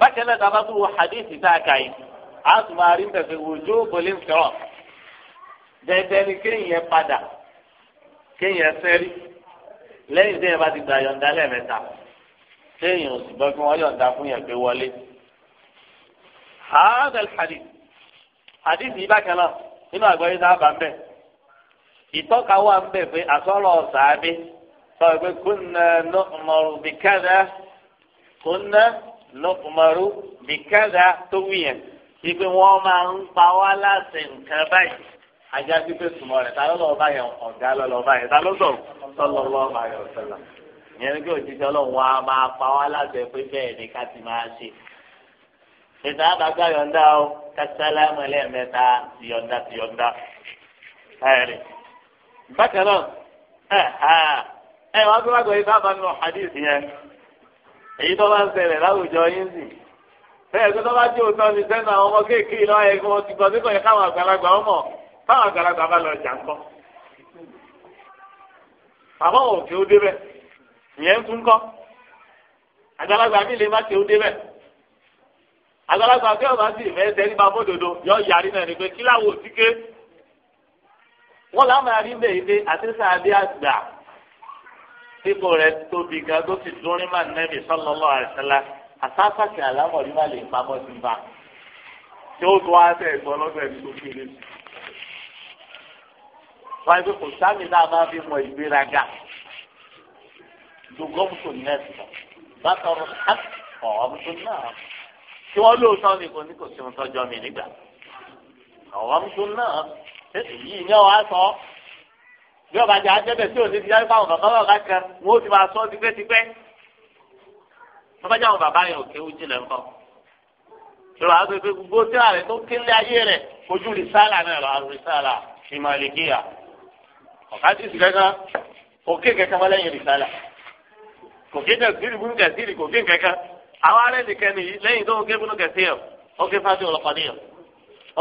bákẹ́lẹ́ tá a bá tún wo hadith tá a kà yìí a tún máa rí bẹ̀fẹ̀ wòjú kò lè ń sọ̀rọ̀ dẹ́dẹ́ ni kéèyàn padà kéèyàn sẹ́rí lẹ́yìn téèyàn bá ti gba yọ̀ǹda lẹ́ẹ̀mẹ́ta téèyàn ò sì gbọ́ kí wọ́n yọ̀ǹda fún yẹn pé wọlé. haadal hadith hadith yìí bákan náà nínú àgbáyé sábà ń bẹ̀ ìtọ́ka wà ń bẹ̀ pé àsọ̀rọ̀ sàábé sọ pé kunna nu'maru bi kadha kunna nu'maru tó wù yẹn ipe wọ́n máa ń pa wá láti nǹkan báyìí ajá sí pé sùnmọ́ rẹ̀ ta ló lọ́ọ́ bá yẹn ọ̀gá lọ́ọ́ bá yẹn ta ló sọ̀rọ̀ sọ́lọ́ lọ́ọ́ bá yẹn ọ̀sẹ̀lá ìyẹn ní kí òjijì ọlọ́run wa máa pa wá láṣẹ pé bẹ́ẹ̀ ni ká ti máa ṣe ṣètò àbágbá yọ̀ǹda o kásálámù ẹlẹ́ẹ̀mẹ́ta ti yọ̀ǹda ti yọ̀ǹda ẹ̀rì bákan náà ẹ wá bí wá gbọ́ ifá bá mi wọ hadith yẹn èyí tó bá ń ṣẹlẹ̀ láwùjọ yín sì bẹ́ẹ̀ tó bá jẹ́ òótọ́ ni sẹ́nu àwọn ọmọ kéékèèké lọ́wọ́ yẹ kí wọ́n ti gbọ́ sí táwọn àgbàlagbà bá lọ jà ń kọ́ àmọ́ òkè ó débẹ̀ ìyẹn ń tún kọ́ àgbàlagbà mi lè má ké ó débẹ̀ àgbàlagbà kí ọba sì fẹ́ tẹ́lí bá fódodo yọ yàrá náà ni pé kí láwọn ò ti ké wọ́n lá máa rí bẹ́ẹ̀ dé àtẹ́sà adé àgbà ipò rẹ̀ tóbi gan tó ti dúró má nẹ́bí sallallahu alaihi wasallam àsáfàkì àlámọ̀rí má lè pamọ́ sí ba tí ó tó wá sẹ́ẹ̀ gbọ́ lọ́sẹ̀ tó fi lé sí wáyé pé kò sáàmì náà máa fi mọ ìgbéraga dùgọ́mùtò nẹ́ẹ̀sì bàtọ̀rọ̀ ọ̀ọ́mùtò náà tí wọ́n lóòótọ́ ni kò ní kò sí ohun tọ́jọ́ mi nígbà ọ̀ọ́mùtò náà èyí ni ọ̀ á sọ bí ọba jẹ ajẹ́bẹ̀ tí ò ní ti yá fáwọn bàbá bàbá kan wọn ó ti máa sọ tipẹ́tipẹ́ bàbá jẹ́ àwọn bàbá yẹn ò kéwú jìnlẹ̀ ńkọ́ ìrọ̀ àgbègbè gbogbo tí ààrẹ tó kí ń lé ayé rẹ̀ ojú rìsálà náà rà rìsálà ìmọ̀ àlèkéyà ọ̀kadìsì kankan òkè kankan wọn lẹ́yìn rìsálà kòkè kẹsìrì bùnú kẹsìrì kòkè kankan àwọn arẹ nìkan nìyí lẹ́yìn tó òkè bùnú kẹsìrì òkè fásitì ọlọpàdéyàn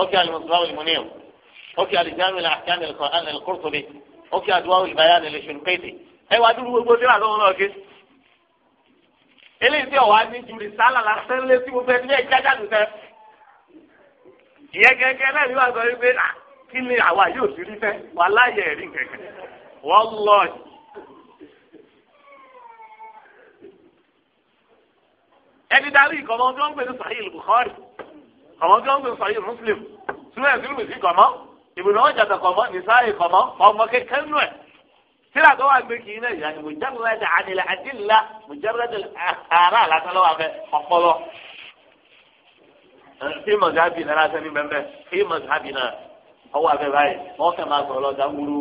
òkè alimusulawul limuniyan òkè alijami lakani alkurtubi òkè aduwawu ibayani lesunkeeti ẹ wá dúró gbogbo tí wà lọ́wọ́ náà ké eléyìí tí ọ̀wá ní ju rìsálà lásán lé sí gbogbo ẹni bẹ́ẹ̀ jájáde sẹ́ ìyẹn gẹ́gẹ́ náà kí ni àwa yóò sì rí fẹ́ wà láyé ẹ̀rí kẹ̀kẹ́ wọ́n lọ. ẹni darí ìkọ̀mọ́ tí wọ́n ń pè ní sahih Bukhari kọ̀mọ́ tí wọ́n ń pè ní sahih Muslim sílẹ̀ sílùmí sí kọ̀mọ́ ìbùnà ọjà tó kọ̀mọ́ nìsáyè kọ̀mọ́ ọmọ kékeré nù ẹ̀ sílẹ̀ tó wà gbé kì í náà yàrá mujarrad àdìlẹ̀ àdìlẹ̀ mujarrad àrà lásán lọ́wọ́ abẹ ọpọlọ. kí mọ̀sábì náà lásán ní bẹ́ẹ̀ bẹ́ẹ̀ kí mọ̀sábì náà ọwọ́ abẹ́ báyìí wọ́n fẹ́ máa sọ̀rọ̀ lọ́jà wúru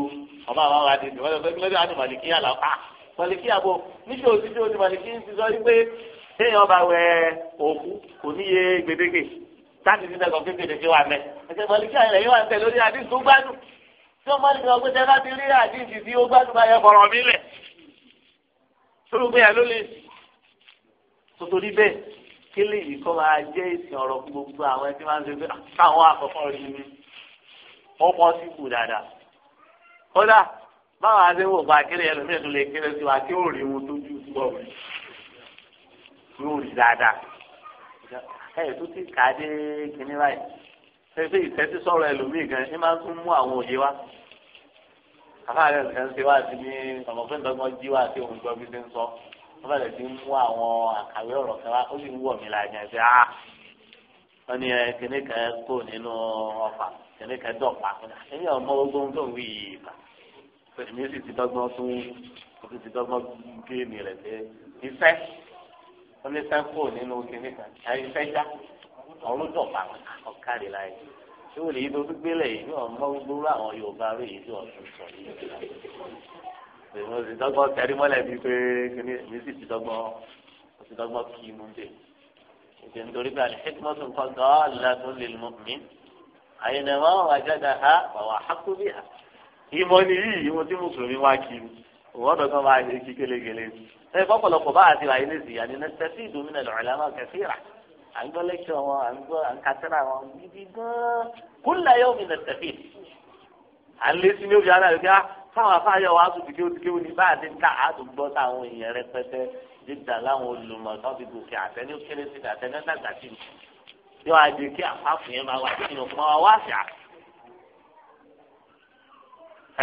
ọba àwọn àwọn àdìsí wọ́n fẹ́ gbẹ́dẹ́ àti màlìkíyà là á màlìkíyà bò níṣẹ́ òsì tí o ní màlìkíyà ti sọ wípé téèyàn bá wẹ òkú kò níye gbèdéke táàtì ti dẹ́kọ̀ pé gbèdéke wà mẹ́ ẹ̀sẹ̀ màlìkíyà rẹ̀ yóò wà tẹ̀ lórí àdìsí tó gbádùn tí wọ́n màlìkíyà ọgbẹ́ tẹ́ láti rí àdìsí tí ó gbádùn bá yẹ kọ̀rọ̀ mi lẹ̀ sórúgbéyà ló lè tòtòrí bẹ́ẹ̀ kí lè yìí kọ́ máa jẹ́ ìsìn ọ̀rọ̀ gbogbo àwọn ẹtí máa ń ṣe pé káwọn ah, àkọ́kọ́ rí mi ó pọ̀ sí kù dáadáa. kódà báwa ṣe ń wò pa kéré ẹlòmíràn tó lè kéré sí wa tí ó rí wọn tó ju bọ̀ yóò rí dáadáa. ẹ tó ti kà á dé kinní báyìí ṣe ìtẹ́tí sọ̀rọ̀ ẹlòmíì gan ẹ máa tún mú àwọn òye wá. àfáàrẹ̀ kan ṣe wá sí ní ọ̀mọ̀fẹ́ńdọ́gbọ́n jí wá sí òun gbọ́ bí ṣe ń sọ wọ́n bẹ̀rẹ̀ sí mú àwọn àkàwé ọ̀rọ̀ kan wá ó sì ń wọ̀ mí láàyè àti ah wọ́n ní tẹ̀lé kẹ́dọ̀ pa ẹ̀mí ọmọ ogun tó ń wí yìí kà èmi sì ti dọ́gbọ́n tún òbí ti dọ́gbọ́n géèmì rẹ̀ pé ìfẹ́ onífẹ́ kò nínú kìnìún kan ìfẹ́ já ọ̀run dọ̀ pa ọ̀kárì láyé tí wọ́n lè yí lórí gbélé yìí ní ọmọ gbogbo àwọn Yorùbá rẹ̀ yìí tí ọ̀sùn sọ yìí èmi sì dọ́gbọ́n tẹ̀rí mọ́lẹ̀ bíi pé èmi sì ti dọ́gbọ́n mo dọ́gbọ́n kí àyìnbá wàjáda ha wàwà hákúbí ha ìmọ̀ ni yìí ìmọ̀ tí mùsùlùmí wá kí i òwòdò kan máa ṣe kí kélékélé ẹ kọ́pọ̀lọpọ̀ bá àti wàyí lè sìyà ni nẹ́sẹ̀sì ìdòmínà lọ́ọ̀lá máa kẹfì rà à ń gbọ́ lẹ́kṣọ̀ wọn à ń gbọ́ à ń kàtẹ́rà wọn gidi gan-an kúlẹ̀ yóò mi nẹ́sẹ̀sì à ń lé sí ní òbí ara rẹ̀ ah, fáwọn afáyọ̀ wa tó ti kéwù ti ní bá àti ká àtò gbọ́ táwọn èèyàn rẹpẹtẹ dídà láwọn olùmọ̀ tó ti gòkè àtẹ ní ó kéré sí àtẹ ní yọ adi kí àfàfù yẹn máa wà nínú fún wa wá sí à.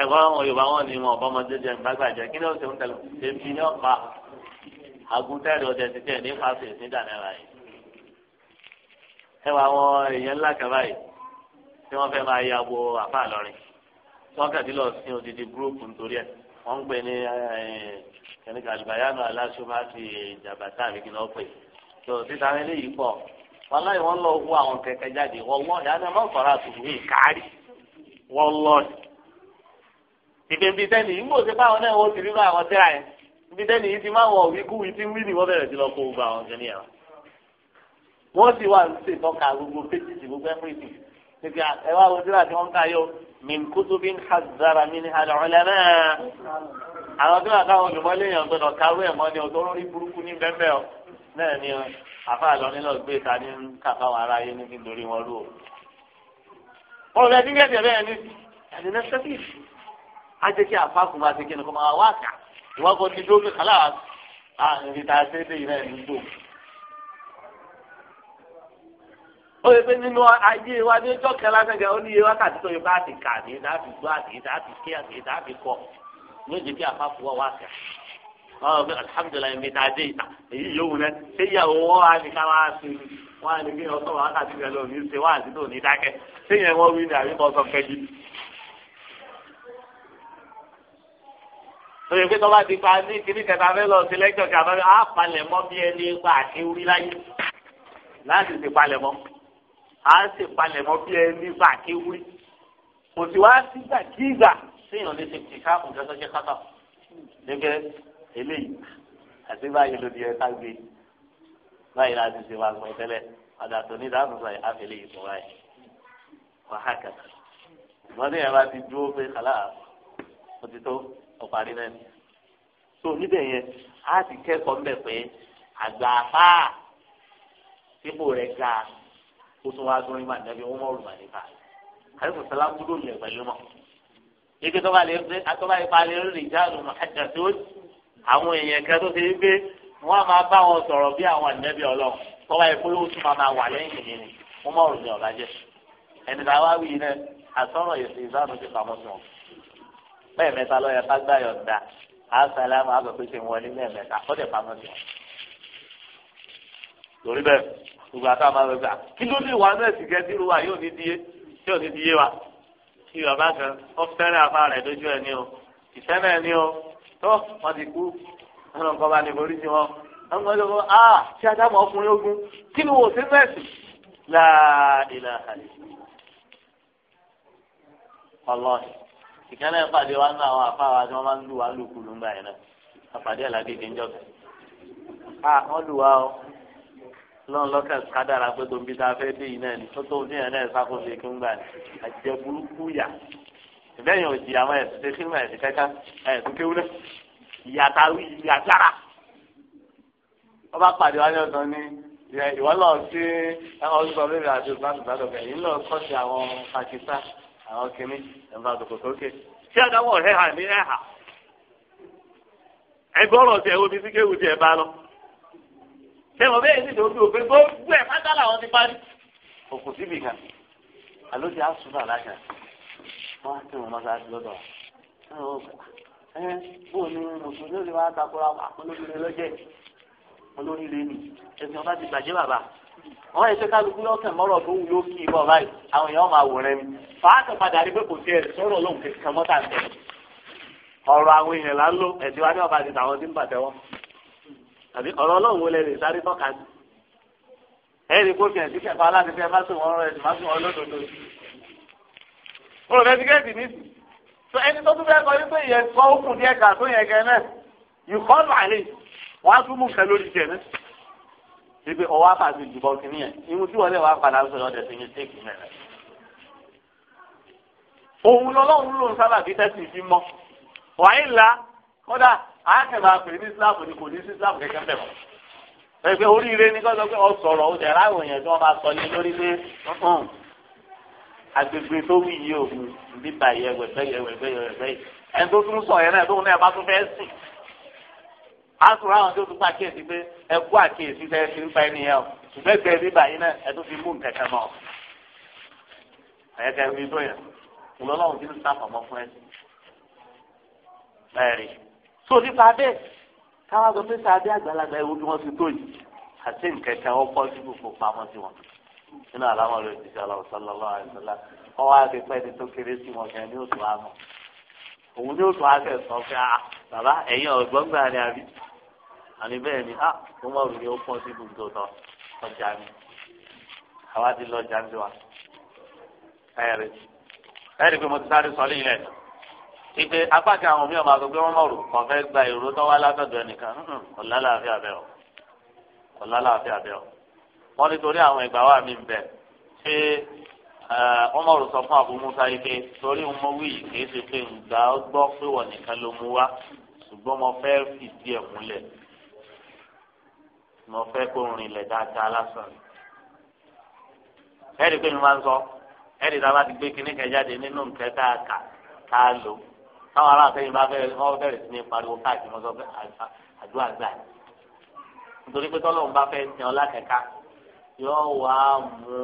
ẹ̀gbọ́n àwọn yorùbá wọn ni wọn ọba ọmọdé jẹ ìbágbàjẹ kí ni ó ti ń tẹ̀lé ebi ní ọ̀pá agùntẹ́rì ọ̀dẹ ti tẹ̀ nípa fèsì dànẹ́ra yìí. ẹ wà àwọn èèyàn ńlá kan báyìí tí wọ́n fẹ́ máa ya bo àfa àlọ́rin tí wọ́n kàdí lọ sí odidi gúrúùpù nítorí ẹ̀ wọ́n ń pè ní kẹ́nìkà àlùbáyánù aláṣọ máa ti jàbàtà àbíkí lọ́pẹ́ tó títa eléyìí pọ̀ wàláyé wọn lọ wú àwọn kẹkẹ jáde wọlọ yàrá máa fara àtùkù yìí kárí wọlọ ìpèǹpì tẹni yìí mò ń ṣe báwọn náà wọ́n ti rí àwọn tẹ́ra yẹn ìpèǹpì tẹni yìí ti máa wọ òwì kú wí tí ń wí ni wọ́n bẹ̀rẹ̀ sí lọ kó gba àwọn kẹ́ni ẹ̀rọ wọ́n sì wà ń ṣètọ́ka gbogbo péjìsì gbogbo ẹ́fíríkì níbi ẹ wá wo síra tí wọ́n ká yọ min kutubin hazara min al-ulama àwọn tí wọ́n àtàwọn olùmọ́lé yẹn gbọ́dọ̀ káwé ẹ̀mọ́ ni ọ̀tọ́ lórí burúkú ní bẹ́ẹ̀ bẹ́ẹ̀ náà ni àfa lọ nínú gbé ta ní kàfá wọn aráyé ní kí lórí wọn rú o. wọn lọ ẹdín gẹ́gẹ́ bẹ́ẹ̀ ni ẹ̀dínlẹ́ sẹ́fíìsì ajẹ́ kí àfa kùn bá ti kí ni kó máa wá kà ìwọ́n kò ti dóbi kálá àrùn ìta ṣẹ́dẹ̀ yìí náà ní gbò. ó yẹ pé nínú ayé wa ní ọjọ́ kẹlá sẹ́gẹ̀ ó ní iye wákàtí tó yẹ bá ti kà ní láti gbọ́ àti láti kí àti láti kọ́ ní ó jẹ́ kí àfa kùn wá wá kà ọ alihamudulilayi mi ta dé ìta ah, èyí yòówù náà séyàwó wọn wà ní ká máa sùn wọn à ní kí ọsọ wákàtí rẹ lónìí ṣe wọn àti lónìí dákẹ́ séyàn wọn wí ní àríkọ sọ kẹjì. lóye pé tọ́ba ti pa ní kíní kẹta fẹ́ lọ sí lẹ́kítọ̀ kí a máa á palẹ̀ mọ́ bí ẹni pa àti wí láyé láti sì palẹ̀ mọ́ á sì palẹ̀ mọ́ bí ẹni pa àti wí kò sí wá sígbà kígbà séyàn lè ṣe kìkà òjò tó kátà eléyìí àti báyìí ló di ẹ ká gbé báyìí láti ṣe wá gbọ́ tẹ́lẹ̀ padà tó ní dáhùn sọ yà fẹlẹ yìí fún wa yìí wà á kàkà ìgbọ́n ní ẹ̀rọ ti dúró pé kàlá ó ti tó ọ̀parí náà ni tó níbẹ̀ yẹn á ti kẹ́kọ̀ọ́ mbẹ̀ pé àgbà apá ipò rẹ̀ ga kó tó wá dúró ìmọ̀ àdàbí wọn mọ̀ọ́rù màdé fà àyẹ̀kọ̀ sọlá gbúdọ̀ yẹn pẹ̀lú mọ̀ ike tó bá lè pa lè rìn jáàlù mọ̀ àjà tó àwọn èèyàn kan tó ti ń gbé wọn a máa bá wọn sọ̀rọ̀ bí àwọn ànẹ́bí ọlọ́run tọ́wọ́ ẹ̀ polówó tún máa wà lẹ́yìn mi ni wọ́n mọ̀ òrùn ní ọ̀la jẹ́ ẹni tá a wá wí náà àsọ̀rọ̀ èsì ìbánu ti pamọ́ sí wọn. bẹ́ẹ̀ lọ́yẹ ká yọ̀ da àásàlámù àgbẹ̀pẹ̀ ti wọlé lẹ́ẹ̀mẹ́ta ó dẹ̀ pamọ́ sí wọn. torí bẹ́ẹ̀ gbogbo àtàwọn máa bẹ kí ló ní ìwà náà sì kẹ́ dírú wa yóò ní díye tí ní díye wa tó wọ́n ti kú ẹnu nǹkan bá ní borí sí wọn àwọn ọmọ ẹlẹ́wọ̀n a ah, ṣe àdámọ̀ ọkùnrin ogun kí ni wò sí mẹ́sì láàdínlá àlè. ọlọ́ọ̀ni ìkànnì ìpàdé wa ń lọ àwọn àfáwà tí wọ́n máa ń lù wá lùkulù ńgbà yẹn náà àpàdé àlàgége ń jọ̀bẹ̀. a wọ́n lù wá o lọ́n lọ́kẹ̀ kádàrà pé tòun bí ta fẹ́ dé yìí náà ni tó tó ní ẹ̀ náà ṣàkóso ikú ńgbà ni àjẹburúkú yà ìbẹ́yìn òjì àwọn ẹ̀sìn ṣe fíìmù ẹ̀sìn kẹ́kẹ́ ẹ̀sìn kéwúrẹ́ ìyàtà ìyàtàrà wọ́n bá pàdé wáyé ọ̀sán ní ìwọ lọ sí ẹ̀kọ́ ọdún kan bébè àti ìgbà ìgbà tó bẹ̀rẹ̀ yìí lọ kọ́ sí àwọn Pakistan àwọn kìnnì ẹ̀fà àtòkò sókè tí àdáwọ̀ ọ̀hẹ́ hà ní ẹ̀hà ẹgbẹ́ ọ̀rọ̀ tiẹ̀ wo bí sí kéwù tiẹ̀ bá lọ. ṣé mo bẹ́ẹ̀ wọn ti wọn mọ́ṣáláṣí lọ́dọ̀ ẹ bóun ni mùsùlùmí olè wa takora olóríire lọ́jẹ̀ olóríire ni ẹ̀sìn ọba ti gbàjẹ́ bàbá wọn ẹsẹ kálukú yóò kẹ mọrọ tó wù yóò kí ibọ báyìí àwọn èèyàn máa wò rẹ mi fàákà padà rí pé kò tiẹ̀ sọ̀rọ̀ lóhùn kẹkẹ mọta ń tẹ ọ̀rọ̀ àwọn èèyàn là ń lò ẹ̀sìn wa ní ọba àti tàwọn tí ń bàtẹ wọn àbí ọ̀rọ̀ ọlọ́run wo lẹ lè sáré tọ́ka sí ẹ̀rí kó fi ẹ̀sìn kẹfà aláàfin fẹ́ má wọn rẹ má sùn wọn lódodo mo rò bẹ́ẹ̀ ti ẹni tó tún bẹ́ẹ̀ kọ́ yín pé ìyẹn kọ́ òkun díẹ̀ kà tó yẹn gẹ́ náà yìí kọ́ làlẹ́ wọ́n tún mú kẹ́ lórí jẹ̀ ibi ọwọ́ àpàtì ìdìbò kìíní yẹn irun tí wọlé wàá padà sọ̀rọ̀ ọ̀dẹ̀ sí ní téèkì náà. òun lọ́lọ́run ló ń sábà bí tẹ́sí fi mọ́ wàá ìlà kódà àákẹ́bà pè ní islam ni kò ní sí islam kẹ́kẹ́ bẹ̀ mọ́ pẹ̀lú oríire ní kọ́ pé ọ sọ̀rọ̀ ó dẹ̀ ráwọ̀ yẹn tí wọ́n bá sọ ní lórí pé agbègbè tó wù yìí o bíbà yẹ wẹfẹ yẹ wẹfẹ yẹ wẹfẹ yìí ẹni tó tún sọ yẹn náà tóun náà bá tún fẹ́ sìn àtúrà àwọn tó tún pa kéèsì pé ẹ kú àkéèsì tẹ ẹ fi ń pa ẹni yẹn o ṣùgbọ́n ẹgbẹ́ bíbà yìí náà ẹ tó fi mú nǹkan kan mọ́ ọ ẹ̀yẹ́kẹ́ fi tó yẹn ìlọ́lọ́run ti ń sàfọ̀mọ́ fún ẹ ẹ̀rí so nípa bẹ́ẹ̀ káwá gbọ́ pé sáadé àgbàlagbà ewu bí wọ́n ti tó yìí àti nǹkan kan ó pọ́ nínú àlámọ̀ rẹ̀ ti sàlọ̀ sọlọ́lọ́ àìsàlá wọ́n wá ti pẹ́ ti tó kéré sí wọn kẹ́ ní oṣù àmọ́ òun ní oṣù àgbẹ̀ sọ pé ah bàbá ẹ̀yin ọ̀gbọ́n ni àbí àní bẹ́ẹ̀ ni ah mo mọ̀ òun ni ó pọ́n sí ibùdó tọ́ ọjà mi àwa ti lọ ọjà ń tiwa ẹ̀rì ẹ̀rì pé mo ti sáré sọlé ilẹ̀ ìpè apá kan àwọn mi ò máa sọ pé wọ́n mọ̀ rò kàn fẹ́ gba èrò tó wá látọ̀dọ̀ ẹnìkan ọ̀làlàáfíà hmm, hmm, bẹ́ẹ̀ ọ̀làlàáfíà bẹ́ẹ̀ ọ̀ wọ́n nítorí àwọn ìgbà wà mí bẹ̀ ṣé wọ́n mọ̀ rò sọ fún Abu Musa yìí pé torí ń mọ wíyì kìí ṣe pé ǹgbà ó gbọ́ pé wọ́n nìkan ló mú wá ṣùgbọ́n mo fẹ́ fìdí ẹ̀ múlẹ̀ mo fẹ́ kó rinlẹ̀ dáadáa lásán ẹ̀rí pé mi máa ń sọ ẹ̀rí tá a bá ti gbé kinní kan jáde nínú nǹkan tá a kà tá a lò táwọn aláàfẹ́yìn bá bẹ̀rẹ̀ wọ́n bẹ̀rẹ̀ sí ní pariwo káàkiri mo sọ pé àdúrà gbà nítorí pé tọ́lọ́run bá fẹ́ tẹ ọ lákẹ́ká yóò wá mú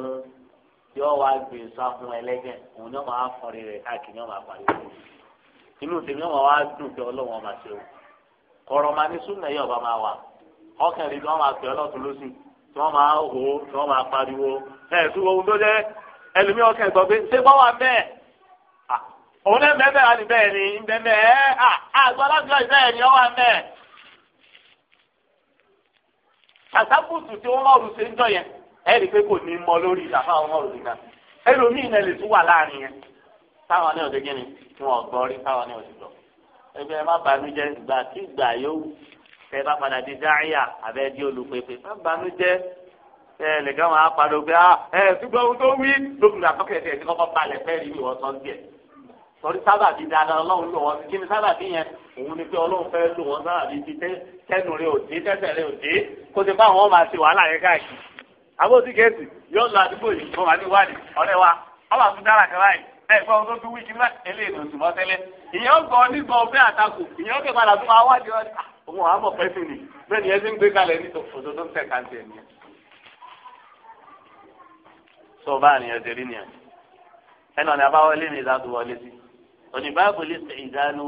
yóò wá gbé sáfún ẹlẹ́gẹ̀ òun ni máa fọrin rẹ̀ káàkiri wọ́n máa pariwo inú tèmi wọ́n wá dùn pé ọlọ́wọ́n máa ṣe o ọ̀rọ̀ máa ní súnà yóò bá máa wà ọkàn rí wọ́n máa pè ọlọ́tún lọ́sì tí wọ́n máa hó tí wọ́n máa pariwo ẹ̀ ohun ẹ̀rí pé kò ní mọ lórí ìṣàfà ọmọ òdì náà ẹlòmíì náà lè tún wà láàrin yẹn táwọn ní òdìgí ni tí wọn gbọ́ rí táwọn ní òdìgbọ́ ẹgbẹ́ ẹ má banújẹ́ ìgbà tí ìgbà yóò tẹ bá padà di dáríyà abẹ́ di olùpẹ̀pẹ̀ má banújẹ́ ẹ nìkan wọn á padà gbé a ah, ẹ ṣùgbọ́n ohun tó wí lókùnrin àkọ́kẹ́ tẹ̀ ẹ̀ ti kọ́kọ́ balẹ̀ fẹ́ rí ìwọ sọ díẹ̀ sọrí sábàbí dáadáa ọlọ́run lò wọ́n kí ni sábàbí yẹn òun ni pé ọlọ́run fẹ́ lò wọ́n sábàbí ti tẹ́nu rẹ̀ òdì tẹ́sẹ̀ rẹ̀ òdì kó ti bá wọn máa ṣe wàhálà yẹn káàkiri àbóòtí kẹ́sì yóò lọ àdúgbò yìí fún wa ní ìwádìí ọ̀rẹ́ wa ọba tún dára kan báyìí ẹ̀ fún ọmọ tó tún wíkì náà eléyìí ló tún bọ́ tẹ́lẹ̀ ìyẹn gbọ́ nígbà ọbẹ̀ àtakò ìyẹn kẹ́ padà tún máa wádìí ọdún àwọn ah, àmọ̀ pẹ́sìn ni bẹ́ẹ̀ ni ẹ ti ń gbé kalẹ̀ ní òdò tó ń tẹ̀ káńtì ẹ̀ nìyẹn. sọ bá àníyàn ṣe rí nìyẹn ẹnu ọ̀nà àbáwọlé ni ìdá tó wọlé sí òní báàbò ìdánù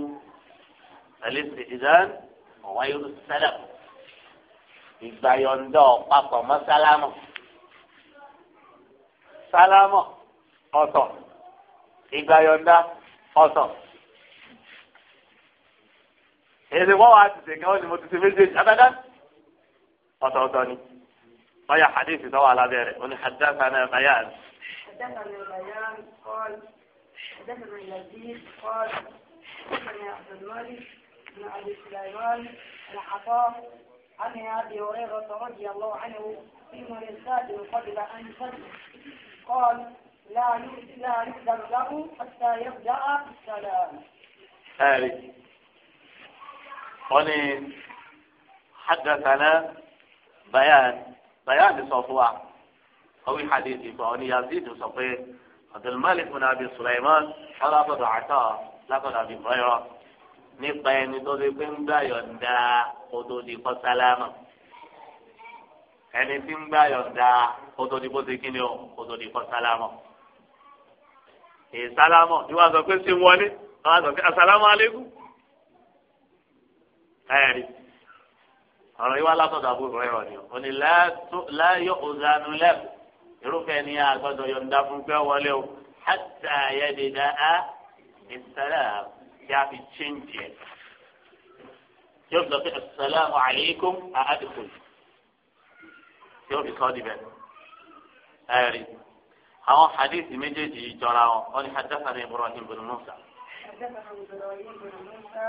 lè ṣe mọ́sálámù sálámọ̀ ọ̀tọ̀ ìgbàyọ̀ǹda ọ̀tọ̀ èdè wọn wàá tètè kí wọn ni mo ti ṣe méjèèjì abẹ́dá ọ̀tọ̀ọ̀tọ̀ ni wọ́n yà hadith tó wà lábẹ́rẹ̀ wọ́n ni haddathana bayan. haddathana bayan عن ابي هريره رضي الله عنه في من قبل ان يصلي قال لا لا يؤذن له حتى يبدأ بالسلام هذه قال حدثنا بيان بيان صفوة قوي حديثي فأني يزيد صفوة عبد الملك بن أبي سليمان قال أبو عطاء لقد أبي هريرة nípa ẹni tó ti pé ń gbà ẹni tí ń gbà yọ̀ǹda kótódìbò ti kí ni o kótódìbò sálámọ̀ ìsálámọ̀ ni wọ́n sọ pé ṣe wọlé wọ́n sọ pé asálámọ̀ alẹ́kùn ẹ̀rí ọ̀rọ̀ yìí wá látọ̀dọ̀ àbúrò rẹ̀ rọ̀ o ní láyọ̀ òzànú lẹ́kùn irúfẹ́ ni àgbọ̀dọ̀ yọ̀ǹda fún pé wọlé o hàtà ayẹ́dẹ̀dà á ìsàlám tí a fi chíńjì ẹ̀ yóò sọ pé asalaamu alaykum àádìkùn tí ó fi sọ́ níbẹ̀ ẹ̀rí àwọn hadithi méjèèjì jọra wọn wọn ni hadathana ibrahim bin musa. hadathana ibrahim bin musa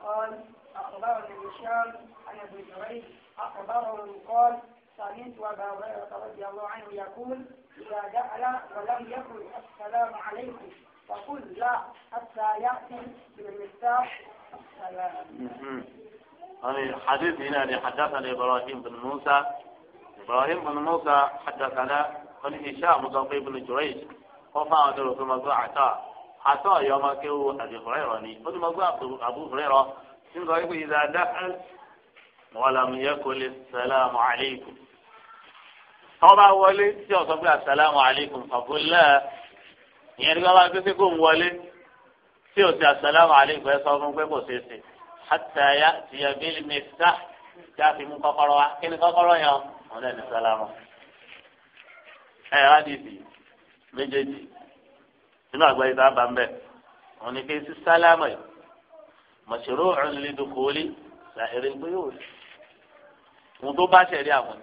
قال أخبرني هشام عن أبي جريج أخبرهم قال سمعت أبا هريرة رضي الله عنه يقول إذا جعل ولم يقل السلام عليكم فقل لا حتى يأتي بالمفتاح السلام. يعني حديث هنا حدثنا إبراهيم بن موسى ibrahim bin musa hadakala wọn ní iṣẹ àmúsọpẹ ibùn jurayj wọn fáwọn tó rò pé mọgbẹ àtọ àtọ ọyọ ọmọ kéwu àbíkúrẹrọ ni ó ní mọgbẹ àbúkúrẹrọ nígbà wípé ìdá dáhà wàlámù yẹkọlẹ sàlámù aleikum tọ́ba wọlé tí ọ̀sọ́ pé asàlámù aleikum fàbúlẹ̀ ìyẹn ní ká bá gbé kó ń wọlé tí o ti asàlámù aleikum ẹ sọ fún pé kò ṣeé ṣe hàtàyà tìyàbí mi sá jáfi mú kọ́kọ́rọ́ wa kí ni kọ́kọ́rọ́ yẹn o wọn náà ní sálámù ẹ adìsí méjèèjì nínú àgbáyé tá a bá ń bẹ wọn ní kéésì sálámù yìí mọ̀ṣẹ̀rọ̀ ọ̀rùn lè dókòólì ṣàìrè ń gbé yòó ohun tó bá ṣẹ̀rí àwọn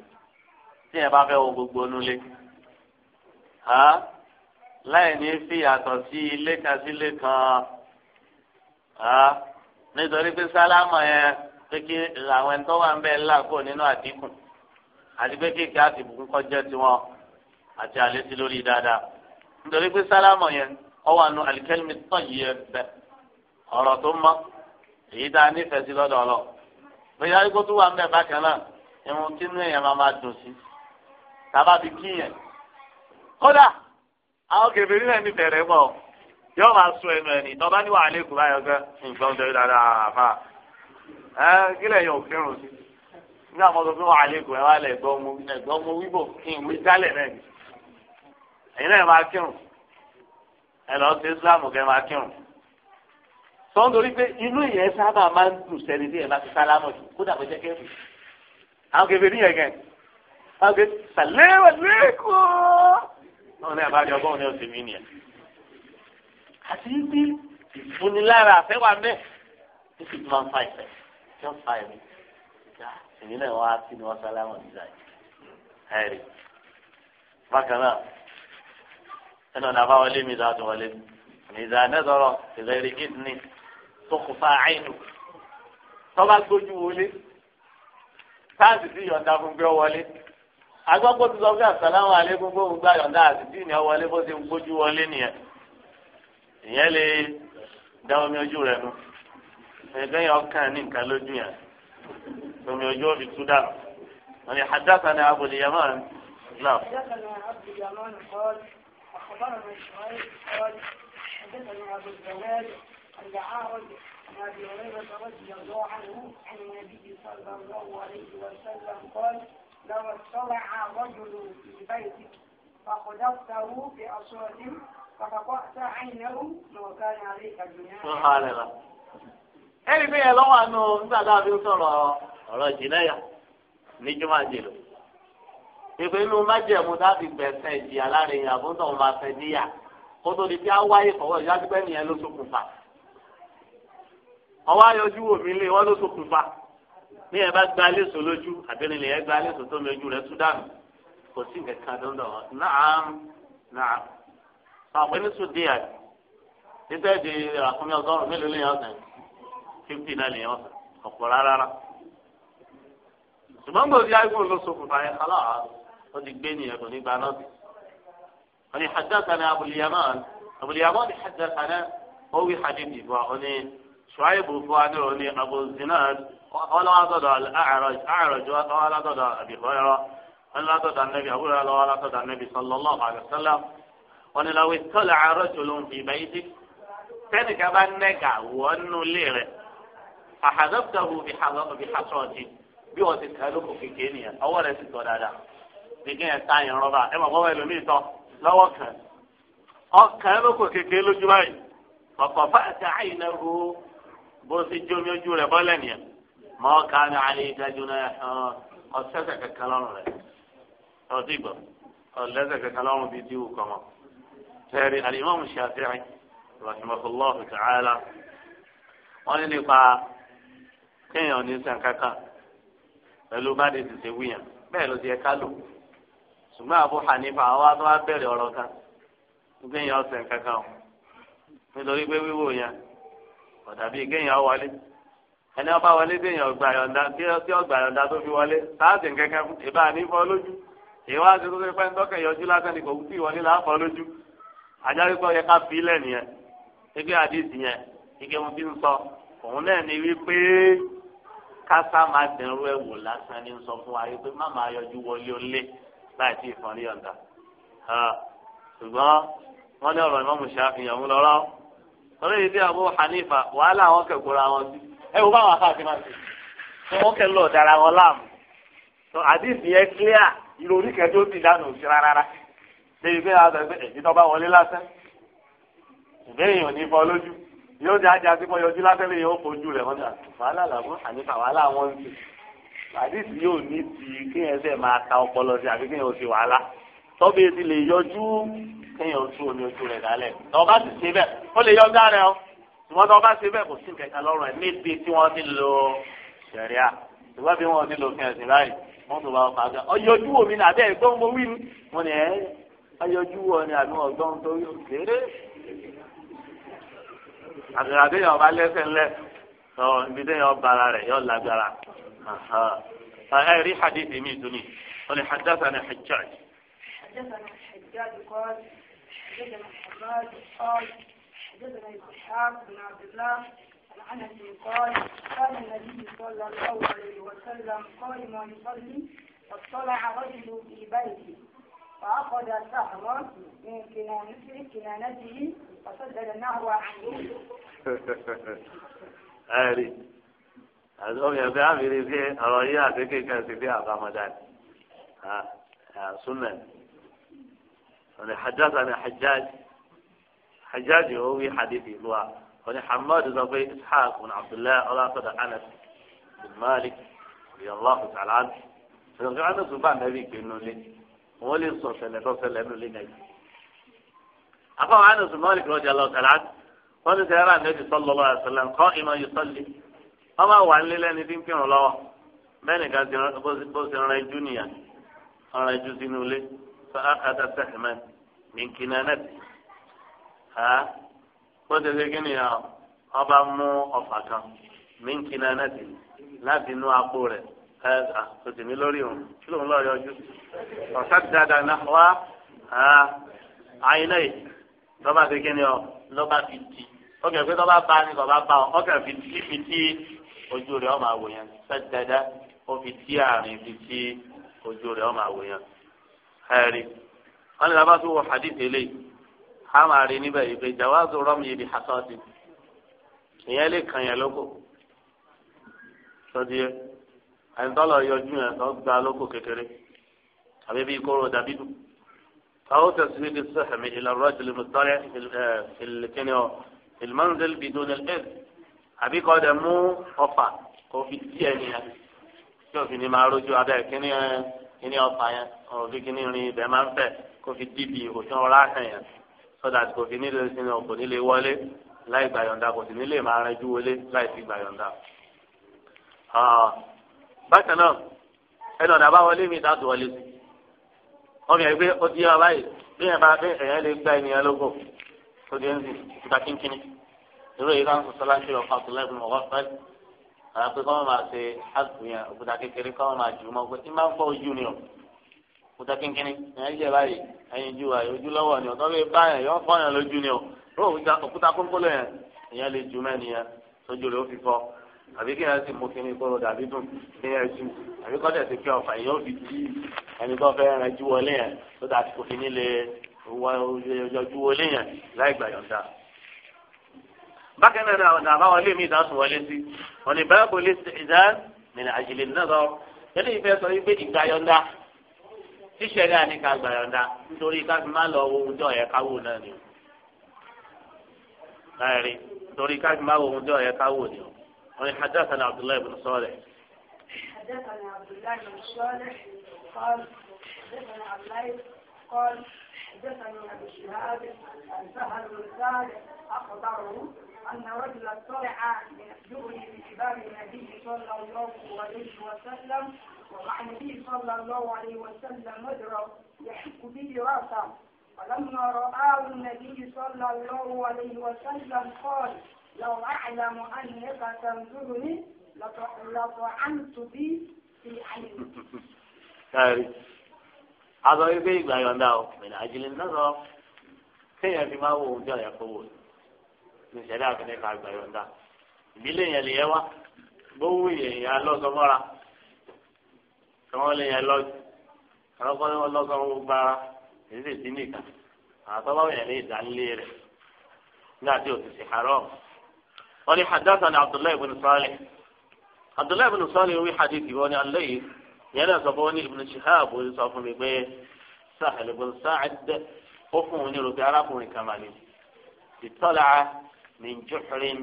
tí yẹn bá fẹ́ wọ gbogbo onúlé láì ní fi àtọ̀ sí ilé kan sí ilé kan nítorí pé sálámù yẹn pé kí àwọn ẹni tó wà ń bẹ ńlá kò nínú àdínkù àti pé kéèké àti ìbùkún kọjá tiwọn àti àlétí lórí dáadáa nítorí pé sálámọ̀ yẹn ọwọ́ àánú alikẹ́lmi tọ́jú yẹn bẹ ọ̀rọ̀ tó mọ́ èyí tá a nífẹ̀ẹ́ sí lọ́dọ̀ ọlọ́ bóyá ikú tó wà ń bẹ̀ bákan náà irun tínú èèyàn máa máa dùn sí tàbá fi kíyàn kódà àwọn kèfèrí náà nífẹ̀ẹ́ rẹ̀ pọ̀ yóò máa sọ ẹnu ẹni tọ́ba ní wàhálà èkó báyọ̀ nǹkan tó yẹ dáadáa fà á ẹ kílẹ̀ kírun sí ní àwọn ọmọ tó wà lẹ́kọ̀ọ́ ẹ wá lẹ̀ ẹ̀gbọ́n mo ẹ̀gbọ́n mo wíbò kí n wí jálẹ̀ náà ni ẹ̀yin náà máa kírun ẹ lọ sí islamu kẹ́ máa kírun sọ́n torí pé inú ìyẹn sábà máa ń dùn sẹ́ni tí ẹ̀ bá ti sálámọ̀ jù kódà bó jẹ́ kẹ́fù àwọn kẹfẹ́ níyẹn kẹ́ àwọn kẹfẹ́ sàlẹ́wà lẹ́kọ̀ọ́ náà ní àbájọ ọgbọ́n ní ọ̀sẹ̀ mi nìyẹn àti ibi ìfúnilára àfẹ́wà mẹ́ẹ̀ èmi náà wá sí ni wọ́n sálámù nígbà yìí ẹ̀rí bákan náà ẹnu ọ̀nà àbáwọlé mi ìdájọ́ wọlé mi ìdá nẹ́tọ̀rọ̀ ìrẹ́rì ìdíní tó kù fa àìnù tọ́ba gbójú wọlé táàsì sí yọ̀ǹda fún gbé wọlé agbọ́pọ̀ tó sọ pé àsàlámù alẹ́kùn gbóhùn gbá yọ̀ǹda àti díìnì ọwọlé bó ti ń gbójú wọlé nìyẹn ìyẹn lè dá omi ojú rẹ nu ẹgbẹ́ yẹn ọkàn ní nǹkan lójú yẹn. ثم يجوب السودان يعني حدثنا أبو اليمان لا حدثنا عبد اليمان قال أخبرنا إسرائيل قال حدثنا أبو الزوال أن عارض عن أبي هريرة رضي الله عنه عن النبي صلى الله عليه وسلم قال لو اطلع رجل في بيتك فقذفته بأصوات فقطعت عينه لو كان عليك الدنيا سبحان الله ẹni bí yẹn lọ́wọ́ àánú nígbà tá a fi ń sọ̀rọ̀ ọ̀rọ̀ jìnnẹ́yà ní jùmọ̀ àjèlò ìpè inú májẹ̀mú dábì gbẹ̀sẹ̀ ìjìyà láàrin ìyàbọ̀ tó ń bá fẹ́ níyà kó tó di pé á wáyé fọwọ́ ìyá gbẹ́ nìyẹn ló ṣokùnfà ọwọ́ ayọjú wò mí lé wọ́n ló ṣokùnfà ní ẹ bá gba aléso lójú àbẹ̀rẹ̀ lè ẹ gba aléso tó mi ojú rẹ̀ tú dànù kò sí nǹkan tó ń dọ̀ náàm náàm. àpẹnisùn díẹ̀ nítorí àkúnmí ọgọ́rùn-ún mélòó lè yàn ọ̀sán fifty náà lè yàn ọ̀pọ̀ rárá. ṣùgbọ́n gbòòdì àìkú ló ṣokùnfà yẹn kálá ó ti gbé nìyẹn kò ní gba náà bì. wọ́n ní hadathana Abul Yaman Abul Yaman ní hadathana ó wí hadith ìbò àwọn ní ṣùáìbù fún adúrò ní Abu Zinad ọlọ́wọ́sọ̀dọ̀ A'raj ọlọ́wọ́sọ̀dọ̀ Abi Hurairah ọlọ́wọ́sọ̀dọ̀ anabi Abu Hurairah ọlọ́wọ́sọ̀dọ̀ anabi sallallahu alaihi wasallam wọ́n ní law ittala'a rajulun fi baytik tẹ́nìkan bá nẹ́gà wọ́n nulẹ̀ rẹ̀ àhàdọ́gbàwò bìhàsọ́ọ̀tì bí wọ́n ti tẹ̀lé kò kéke nìyẹn ọwọ́ rẹ̀ ti tọ́ dáadáa nìkan yẹn táyà rọ́bà ẹ mọ̀ bọ́wọ́ ẹlòmíì tọ́ lọ́wọ́ kan ọkàn ẹ lóko kéke lójú báyìí kọ̀kọ̀ bá ti àyìnà ru bó ti jómi ojú rẹ̀ bọ́lẹ̀ nìyẹn mọ́ ká ní alẹ́ ìdájú náà ọ̀sẹ̀sẹ̀ kankan lọ́rùn rẹ̀ ọtí gbọ́ ọ̀lẹ́sẹ̀ kankan lọ́rùn bíi tíwù kọ́mọ. tẹ̀rí alimami Shafi'i rahimahullahu ta'ala wọ́n ní nípa kéèyàn ní sàn kankan pẹ̀lú bá de tètè wíyàn bẹ́ẹ̀ ló ti yẹ ká lò ṣùgbọ́n Abu Hanifa àwọn àti wọn bẹ̀rẹ̀ ọ̀rọ̀ kan kéèyàn sàn kankan o nítorí pé wíwò yẹn ọ̀dàbí kéèyàn wọlé ẹni ọba wọlé kéèyàn gbà yọ̀ǹda tí ọgbà yọ̀ǹda tó fi wọlé sáàtì kankan ìbá nífọ̀ lójú ìwà àti tó pẹ́ ńdọ́kẹ̀ yọjú lásán ni kò tí ìwọlé láàfọ̀ lójú yẹ ká fi lẹ́nìyẹn ẹgbẹ́ àdìsí yẹn ike mo fi ń sọ òun náà ni wípé. kásá máa dẹrú ẹ wò lásán ní sọ fún wa yìí pé má máa yọjú wọlé ọlé láì tí ìfọn rí ọ̀dà ṣùgbọ́n wọ́n ní ọ̀rọ̀ ìmọ̀mù ṣàfihàn ń lọ́rọ́ torí ìdí Abu Hanifa wàhálà àwọn kẹ̀kọ́ra wọn sí ẹ wò báwọn afáàfin máa ṣe ṣé wọ́n kẹ́ lọ dára wọn láàmú tó àdìsí yẹn clear ìròrí kẹjọ ti dànù sí rárá débi pé àwọn àgbẹ̀ ẹ̀jẹ̀ tó bá wọlé lásán ìbéèyàn ní fọ lójú yóò di ajá sí pọ́ yọjú lábẹ́lẹ̀ yóò fojú rẹ̀ wọ́n dà wàhálà làwọn àníkà wàhálà wọn ti àdìsí yóò ní ti kéèyàn ṣe máa ta ọpọlọ sí àbí kéèyàn ò ṣe wàhálà tọ́bí ti lè yọjú kéèyàn ojú omi ojú rẹ̀ dálẹ̀ tọ́ba sì ṣe bẹ́ẹ̀ ó lè yọjú ara ẹ̀ ṣùgbọ́n tọ́ba ṣe bẹ́ẹ̀ kò sí kẹta lọ́rùn ẹ̀ níbi tí wọ́n ti lo ṣẹ̀ríà ṣùgbọ́n bí wọ́n ti lo fi àgbàrá bí yàn bá lẹ́sẹ̀ lẹ́ ọ ibi tẹ́ yàn bára rẹ̀ yàn lágbára ẹ rí hadithi mi tuni wọn haddatha ni hajjaj. حدثنا الحجاج قال حدثنا الحجاج قال حدثنا اسحاق بن عبد الله عن انس قال كان النبي صلى الله عليه وسلم قائما يصلي فاطلع رجل في بيته فأخذ سهر من كنانته كنانته فسدد النهر عنه آري àdúgbò yẹn bí abiri bí ọ̀rọ̀ yìí àti kékeré ti bí àbámadá sunna ọ̀nà hajjáta ni hajjáj hajjáj ó wí hadithi wa ọ̀nà hamad sọ pé ishaq bin bin malik wọ́n lè sọ ṣẹlẹ̀ tó ṣẹlẹ̀ nínú ilé nàìjíríà. àfọwọ́n àná sùn mọ́lì kìlọ́jà lọ sẹ̀lá wọ́n ní sẹ́yìn ráà nẹ́bí sọ́lọ́ lọ́wọ́ àṣẹlẹ̀ ńkọ́ ìmọ̀ yìí sọ́lẹ̀ wọ́n máa wà nílé lẹ́ni tí ń kírun lọ́wọ́ mẹ́rin kan bó ti rìn jù nìyà ọ̀rìn jù sínú ilé fàákàtà sẹ́hìmẹ́ nìkìnnà nẹ́tì bó ti ṣe kí nìyà ọba mú ọ̀fà kan nìkìnnà nẹ́tì láti inú apó rẹ̀ kò tèmi lórí o kí ló ń lọ yọjú ọ̀sá ti dáadáa náà wá ni ọ lọ́ba fi di ọkẹ́ pé lọ́ba bá ní lọ́ba bá ọ ọkẹ́ fi tí fi tí ojú rẹ̀ ọ máa wò yẹn sẹ́ti dáadáa ó fi tí àárín fi tí ojú rẹ̀ ọ máa wò yẹn. ẹ̀rí wọn ní lọ́ba tó wọ hadith eléyìí àyìntọ́lọ̀ yọjú yẹn tó gba lóko kékeré àbí bí kóró dàbí dùn. أو تسليم السهم إلى الرجل المضطرع في الكنيو في المنزل بدون الإذن àbí kọ́ dẹ̀ mú ọfà kó fi tí ẹ̀ nìyẹn tí òfin ni máa rojú abẹ́ kíní ẹ̀ kíní ọfà yẹn òfin kíní rin ibẹ̀ máa ń fẹ̀ kó fi dìbì òfin ọ̀rá kan yẹn sọ́dà kò fi nílé sinmi kò nílé wọlé láì gbàyọ̀ǹda kò sì nílé máa rẹjú wọlé láì fi gbàyọ̀ǹda. Ah, bákan náà ẹnu ọ̀nà àbáwọlé mi ìdáàtò wọlé sí ọmọ yẹn gbé ó di ọ báyìí bí yẹn bá bí ẹ̀yẹ́ lè gba ènìyàn lógo tó di ẹnzì ìta kínkínní irú èyí kan sọlá ń ṣèlọ fún àtúnlẹ̀ fún ọkọ fẹ́ àwọn pé kọ́mọ́ máa ṣe àgùnyàn òkúta kékeré kọ́mọ́ máa jù mọ́ pé ìmá ń fọ́ ojú ni o òkúta kínkínní ẹ̀yẹ́ jẹ́ báyìí ẹ̀yìn ju àyè ojú lọ́wọ́ ni o tọ́ bí báyìí yọ fọ́ yẹn lójú ni o òkúta kónkóló àbí kí ẹ sì mú kí ni kóró dàbí dùn kí ẹ jù àbí kọ́ tẹ̀sí kí ọ̀fà yóò fi jí ẹni tó fẹ́ rẹ jú wọlé yẹn tó dà kò fi ní lè yọjú wọlé yẹn láì gbà yọ̀ǹda. bákan náà ọ̀nà àbáwọlé mi ìdá sùn wọlé sí ọ̀nà ìbáraẹ̀kọ́ lè ṣe ìdá mìíràn àjèlè náà lọ ẹni ìfẹ́ sọ wípé ìgbà yọ̀ǹda ṣíṣẹ́ dáa ní ká gbà yọ̀ǹda nítorí ká fi má lọ ohun tó yẹ káwò náà ni o. láì rí nítorí ká ni حدثنا عبد الله بن صالح حدثنا عبد الله بن صالح قال حدثنا عبد الله قال حدثني ابو شهاب عن سهل بن اخبره ان رجلا طلع من الدبر بشباب النبي صلى الله عليه وسلم ومع النبي صلى الله عليه وسلم مدرا يحك به راسه فلما رآه النبي صلى الله عليه وسلم قال لو أعلم أنك تنظرني لطعنت بي في عيني. Azọ wípé ìgbà yọ̀ǹda o, mẹ̀lẹ̀ àjẹlẹ̀ náà sọ, kéèyàn fi máa wo oúnjẹ ọ̀yà kó wò ní ìṣẹ̀lẹ̀ àfẹ́lẹ́ ká ìgbà yọ̀ǹda. Ìbílẹ̀ yẹn lè yẹ wá, gbówó èèyàn lọ́sọ mọ́ra, tí wọ́n lè yẹn lọ́jù, àlọ́kọ́ ni wọ́n lọ́sọ wọn gbára, èyí sì dín nìkan, àtọ́wọ́ yẹn lè dá nílé rẹ̀ nígbà tí ò ti ṣe àárọ̀ wọ́n ní hadathana abdullahi ibn salih abdullahi ibn salih wí hadithi wọ́n ní alayhi yẹn náà sọ fún wọn ní ibn shihab wọ́n sọ fún mi pé sahel ibn sa'ad ó fún wọn ní rògbé arákùnrin kan màlẹ́ ìtọ́lá min juhrin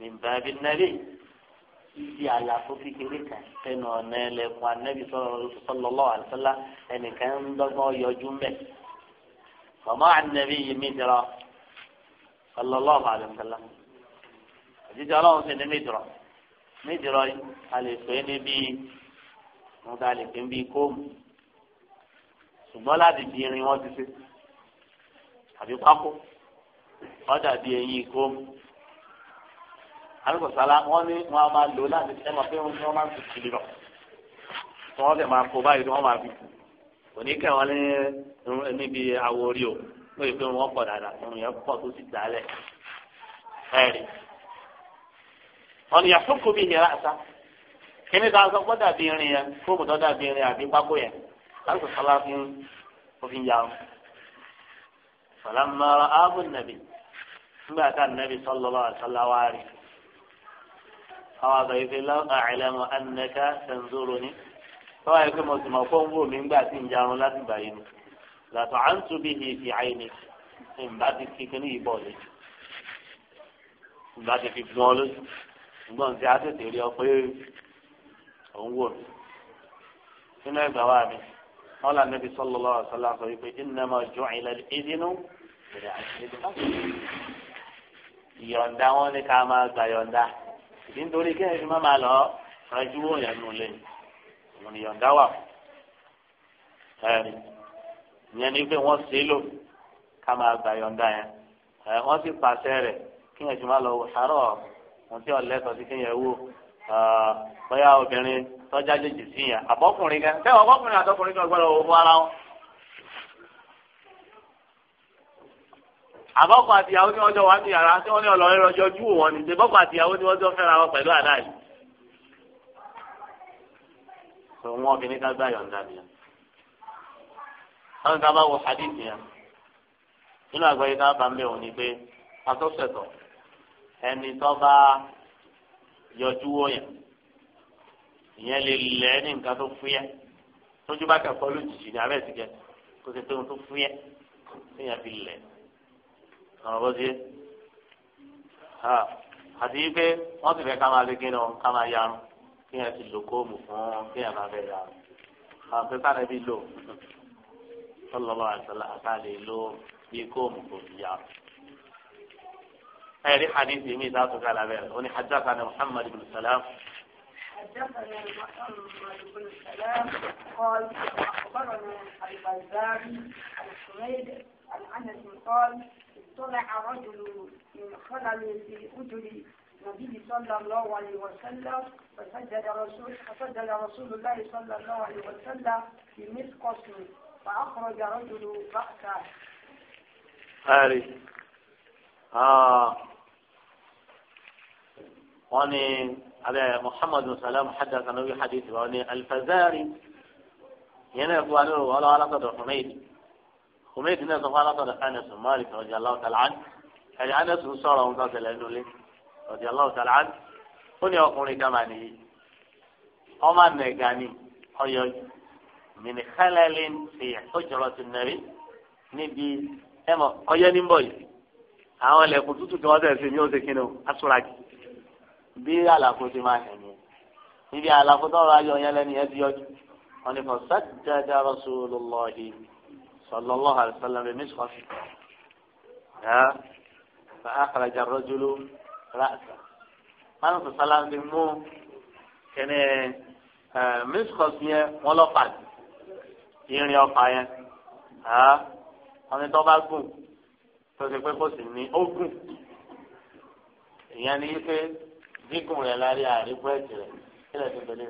min baabi nabi ibi àlàfo kékeré kan ẹnu ọ̀nà ẹlẹ́kùn anabi sallallahu alaihi wasallam ẹnìkan ń dọ́gbọ́n yọjú mẹ́ mama anabi yìí mi dira sallallahu alaihi wasallam òjijì ọlọ́run sì ní mídìrọ̀ mídìrọ̀ a lè pè é ní bíi wọn ta lè pè é bíi kóòmù ṣùgbọ́n láti fi irin wọn ti ṣe àbí pákó wọn dàbí eyín kóòmù alùpùpùsálà wọn ní wọn máa lò láti ṣe mọ̀ pé wọn máa ń tutù lọ tí wọn sì máa kó báyìí tí wọn máa fi òní kẹwọn ní eh, níbi àwòrí o lóye pé wọn pọ̀ dáadáa òun yẹn pọ̀ tó ti dálẹ̀ ẹ̀rí ọ̀nà yàtúkù bíi ìyẹn àṣà kíní tá a sọ pé dàbí irin yẹn fóòmù tó dàbí irin àbí pákó yẹn láti sọlá fi ń òfin yà wọn. sọlámàrà ábùn nàbì nígbà tá nàbì sọlọ lọ àṣàlá wa rí àwọn àgbà yìí fi lọ́kà àìlẹ́mọ̀ ànàkà ni tọ́wọ́ yìí pé mo sì mọ̀ fóun wò mí nígbà tí ń jarun láti gbà ni làtọ̀ à ń tún bí hi fi àìní ìgbà ti fi kíní ìbọ̀ lójú ìgbà ti fi gbọ́n lójú ṣùgbọ́n ti a tètè rí ọ pé òun wò mí nínú ẹgbàá wa mi wọn là níbi sọlọ lọ sọlá sọ wípé ìnáma jọ ìlẹ ìdínú ìrìn àti ìdínú ìyọ̀ǹda wọn ni ká máa gbà yọ̀ǹda ìdí nítorí kí ẹ̀yin máa lọ rẹjú wò yẹn nù lé òun ni yọ̀ǹda wà ẹ̀rí ìyẹn ni pé wọ́n ṣe lò ká máa gbà yọ̀ǹda yẹn wọ́n sì pàṣẹ rẹ̀ kí ẹ̀yin máa lọ wò sárọ̀ ọ̀hún wọn tí ọlẹ́tọ̀ sí kéèyàn wò bóyá obìnrin tọ́jà jèjì sí yẹn àbọ́kùnrin gan tẹ́wọ̀n ọkọ́kùnrin àtọkùnrin kan gbọ́dọ̀ wò fún ara wọn. àbọ́kùn àtìyàwó tí wọ́n jọ wà ní yàrá tí wọ́n ní ọlọ́rin ọjọ́ jú wọn ni ṣe bọ́kùn àtìyàwó tí wọ́n jọ fẹ́ra wọn pẹ̀lú àdá yìí. sọ wọn obìnrin ká gbà yọ̀ǹda nìyẹn. táwọn ìta bá wọ hadith yẹn nínú àgbáyé tá bá ń bẹ̀ wọ́n ni pé atọ́sẹ̀tọ̀ ẹni tó bá yọjú wò yẹn ìyẹn lè lẹ ní nǹkan tó fúyẹ́ tójú bá kẹ́kọ̀ọ́ lójijì ní abẹ́ ti kẹ kó ṣe pé ohun tó fúyẹ́ téèyàn fi lẹ ọ̀rọ̀ bó ṣe àti wípé wọ́n sì fẹ́ ká máa lékin náà ká máa yarun kéèyàn ti lò kóòmù fún kéèyàn máa fẹ́ yarun àwọn pé sáré bí lò sọlọ́lọ́ àtàlà àtàlè lò bí kóòmù kò fi yarun. هذه حديث يمين ذاته قال أبيه هنا حدثنا محمد بن سلام حدثنا محمد بن سلام قال أخبرنا البزاري عن حميد عن أنس قال اطلع رجل من خلل في أجر النبي صلى الله عليه وسلم فسجد رسول فسجد رسول الله صلى الله عليه وسلم في مسقط فأخرج رجل رأسه. آه wọ́n ní alẹ́ muhammadu salam hadasa nabi hadithi wọ́n ní alfazari yẹn náà fún wa ní wọ́n lọ́wọ́ alásọ̀dọ̀ humaydi humaydi náà sọ fún alásọ̀dọ̀ anas malik rọ̀jì aláwọ̀ tàlán ẹ̀jẹ̀ anas ń sọ̀rọ̀ ohun tó ṣẹlẹ̀ nulẹ̀ rọ̀jì aláwọ̀ tàlán ó ní ọkùnrin kama nìyí ọmọ anẹ̀gà ni ọyọ mini xalalin fi ojúrọ̀tì nàbí níbi ẹ̀mọ ọyẹ ní bọ̀ yìí àwọn ẹlẹ́kùn tútù tí wọ́n tẹ̀ sí ní ó ti kí ni ó asúragi bí àlàfo ti máa hẹ̀ nìyẹn níbi àlàfo tọrọ ayọ yẹn lẹ́nu yẹn ti yọjú wọn ni kò sàdájà rasulullahi sallallahu alaihi wasallam bi misqafi ẹ fa akhraja ar-rajulu ra'sa wọn sọ sálá ni mú kẹne ẹ misqafi yẹn wọn lọ pàdé irin ọfà yẹn wọn ni bá gùn tó ti pé kó sì ní ó gùn ìyẹn ni yí pé gígùn rẹ̀ lárí àárín búrẹ́dì rẹ̀ kílẹ̀ tó tẹ̀lé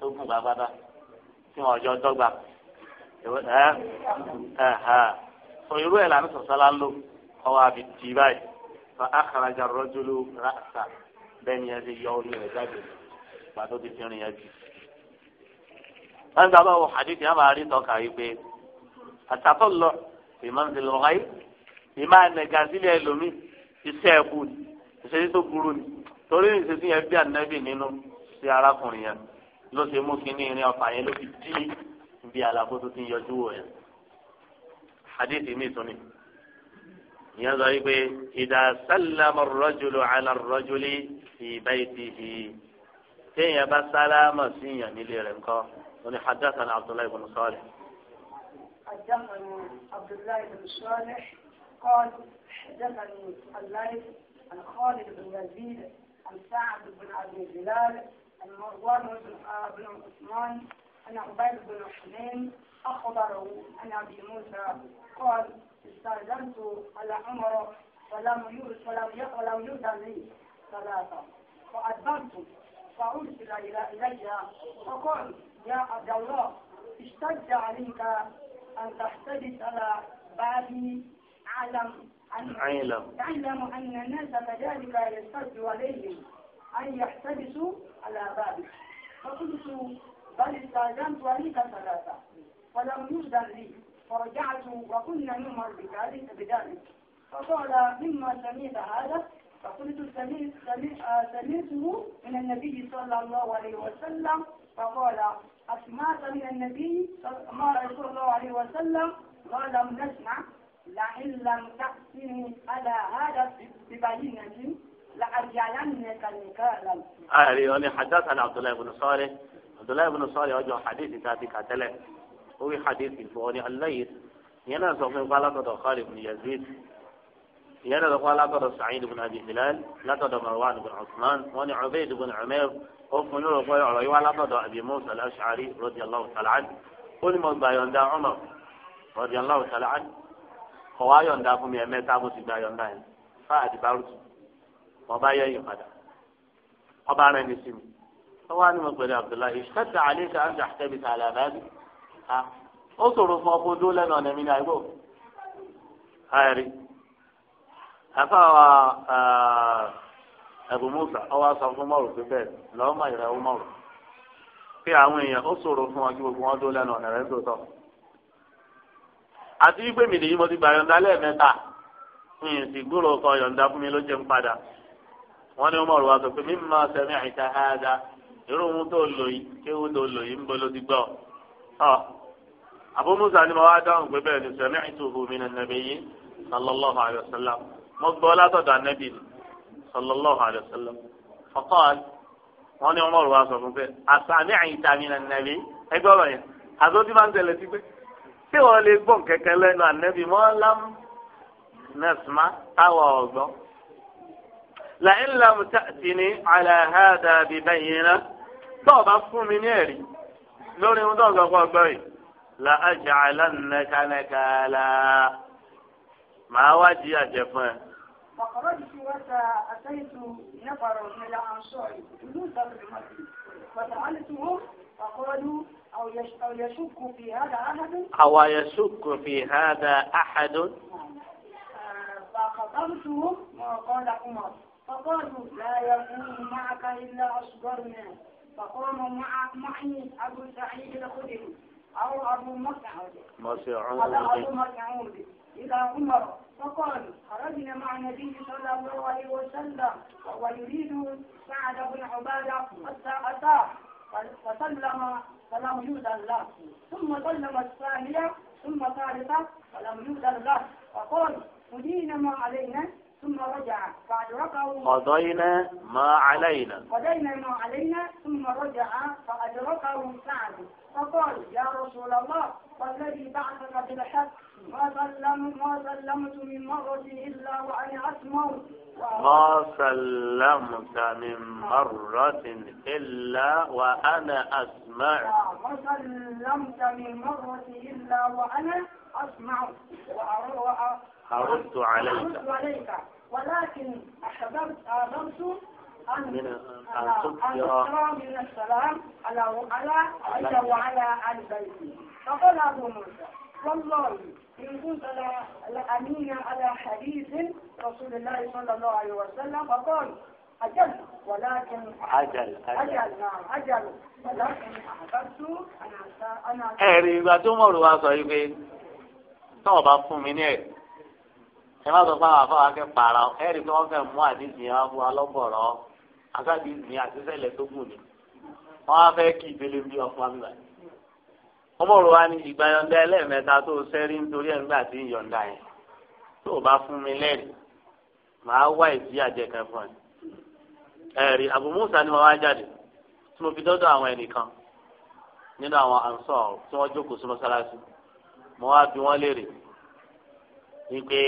tó gùn pápátá tí wọn ọjọ́ dọ́gba ẹ ẹ ẹ sọ irú ẹ̀ lànà sọ̀sọ́lá ń lò ọwọ́ àbí tì báyìí fa àkàràjà rọ́jòló ràṣà bẹ́ẹ̀ ni ẹ ti yọ orí rẹ̀ jáde gbàdó ti fi rìn yẹn jù. wọ́n ń sábà wọ àdìsí àmà àrí tọ́ka yìí pé àtàtọ̀ lọ ìmọ̀ ní lọ́wọ́ yìí ìmọ̀ ànẹ̀gà sílẹ̀ ẹlòmíì iṣẹ́ ẹ̀kú ni ìṣèlú tó burú ni torí ìṣesí yẹn bí ànábì nínú sí arákùnrin yẹn ló ṣe mú kínní irin ọkọ̀ yẹn ló fi dí bí àlàfo tó ti ń yọjú wò yẹn hadithi mi tún ni ìyẹn sọ wípé ìdá sálámà rọjòló àlà rọjòlé ìbá ìdìhì téèyàn bá sálámà sí yàn nílé rẹ̀ ńkọ́ wọn ni hadathana abdullahi ibn salih. حدثني عبد الله بن صالح قال حدثني الليث عن خالد بن يزيد عن سعد بن أبي هلال عن مروان بن عثمان عن عبيد بن حنين أخبره عن أبي موسى قال استأذنت على عمر فلم ولم يؤذن لي ثلاثة فأدبرت فأرسل إلي فقال يا عبد الله اشتد عليك أن تحتجز على بابي علم علم علم أن الناس كذلك يسترد عليهم أن يحتبسوا على بابك فقلت بل استأذنت عليك ثلاثة فلم يؤذن لي فرجعت وكنا نؤمر بذلك بذلك فقال مما سمعت هذا فقلت سمعت سمعته من النبي صلى الله عليه وسلم فقال أسمعت من النبي صلى الله عليه وسلم قال لم نسمع لئن لم تحسني على هذا ببينة لأرجعنك نكالا آه، حدث عن عبد الله بن صالح عبد الله بن صالح وجه حديث تاتي كتله هو حديث الفوني الليل ينا سوف قال قد خالد بن يزيد ينا قال قد سعيد بن أبي هلال لقد مروان بن عثمان وان عبيد بن عمير وفن رفع رأيه لقد أبي موسى الأشعري رضي الله تعالى عنه قل من بيان عمر رضي الله تعالى عنه kọ̀ wá yọ̀ǹda fún mi ẹ̀mẹ́ta mo sì gba yọ̀ǹda yẹn fáàdì bá rútu wọn bá yẹ yìn padà ọba rẹ ní sinmi wọn wá ní mo pẹ̀lú Abdullahi ṣẹ́tà àlejò àjọ àtẹ́bìtà àlàbàbí ha ó ṣòro fún ọkọ̀ ojú lẹ́nu ọ̀nà mi ní àgbò ayẹri afa wa Abu Musa ọwọ́ sọ fún mọ́rù pé bẹ́ẹ̀ lọ́ọ́ mọ̀ ìrẹ̀wọ́ mọ́rù pé àwọn èèyàn ó ṣòro fún ọjọ́ gbogbo wọn tó lẹ́nu ọ̀nà rẹ̀ ń tòótọ́ àti wípé mi nìyí mo ti gbà yọ̀ǹda lẹ́ẹ̀mẹ́ta mi ì sì gbúrò kan yọ̀ǹda fún mi ló jẹun padà wọ́n ní ọmọ òrùwà sọ pé mi máa sẹ́mi àìsàn áádá irú ohun tó lò yìí kéwù tó lò yìí ń bọ́ ló ti gbọ́ ọ. Abu Musa ni mo wá dáhùn pé bẹ́ẹ̀ ni sẹ́mi àìsàn òhun mi nànà bẹ́ẹ̀ yìí sallallahu alayhi wa sallam mo gbọ́ látọ̀dọ̀ anabi sallallahu alayhi wa sallam faqal wọ́n ní ọmọ òrùwà sọ fún pé àsàmì àìsàn mi nànà ẹgbẹ́ tí wọn lè gbọ́ kẹ̀kẹ́ lẹ́nu ànẹ́bí mọ́lám nẹ́sìmá táwọn ọ̀gbọ́n. làyín lam tààtì ní àlàhádà bíbá yìí ná tó o bá fún mi ní ẹ̀rí lórí ohun tó ń sọ fún yìí la àjà àlànàkànàkà la màá wá di àjẹ fún ẹ. فخرجت وأتيت نفر من الأنصار يوسف بمصر فسألتهم فقالوا أو يشك في هذا أحد أو يشك في هذا أحد فخطبتهم وقال عمر فقالوا لا يكون معك إلا أصبرنا فقام مع معي أبو سعيد الخدري أو أبو مسعود مسعود إلى عمر فقال خرجنا مع النبي صلى الله عليه وسلم وهو يريد سعد بن عبادة حتى أتاه فسلم فلم يؤذن له ثم ظلم الثانية ثم ثالثة فلم يؤذن له فقال مدين ما علينا ثم رجع فأدركه قضينا ما علينا قضينا ما علينا ثم رجع فأدركه سعد فقال يا رسول الله والذي بعثك بالحق ما سلم ما سلمت من مرة إلا وأنا أسمع ما سلمت من مرة إلا وأنا أسمع آه، ما سلمت من مرة إلا وأنا أسمع عرضت عليك ولكن أحببت أحببت من أن تكثر من السلام على على علي وعلى آل بيتي فقال أبو موسى والله إن كنت لأمين على حديث رسول الله صلى الله عليه وسلم فقال أجل ولكن أجل أجل نعم أجل ولكن أحببت أن أنا أريد أن أمر وأصيب tọ́wọ́ bá fún mi ní ẹ̀rí ẹ má sọ fáwọn afáwọn akẹ́ pààrà ẹ rí i pé wọ́n fẹ́ mú àdìsí yẹn wá fún wa lọ́bọ̀rọ̀ akádìsí àtisẹ́lẹ̀ tó gùn ni wọ́n á fẹ́ kí ìdílé bí ọkùnrin àmì báyìí. ọmọ òru wa ní ìgbà yọ̀ǹda ẹlẹ́ẹ̀mẹ́ta tó sẹ́rí nítorí ẹ̀ nígbà tí ń yọ̀ǹda yẹn tó o bá fún mi lẹ́rìí màá wá ìdí àjẹkẹ́ fún ẹ. ẹ̀rí Abu Musa ni wọ́n wá jáde tí mo fi dọ́dọ̀ àwọn ẹnìkan nínú àwọn ansọ́ tí wọ́n jókòó sí mọ́sálásí mo wá bi wọ́n léèrè wípé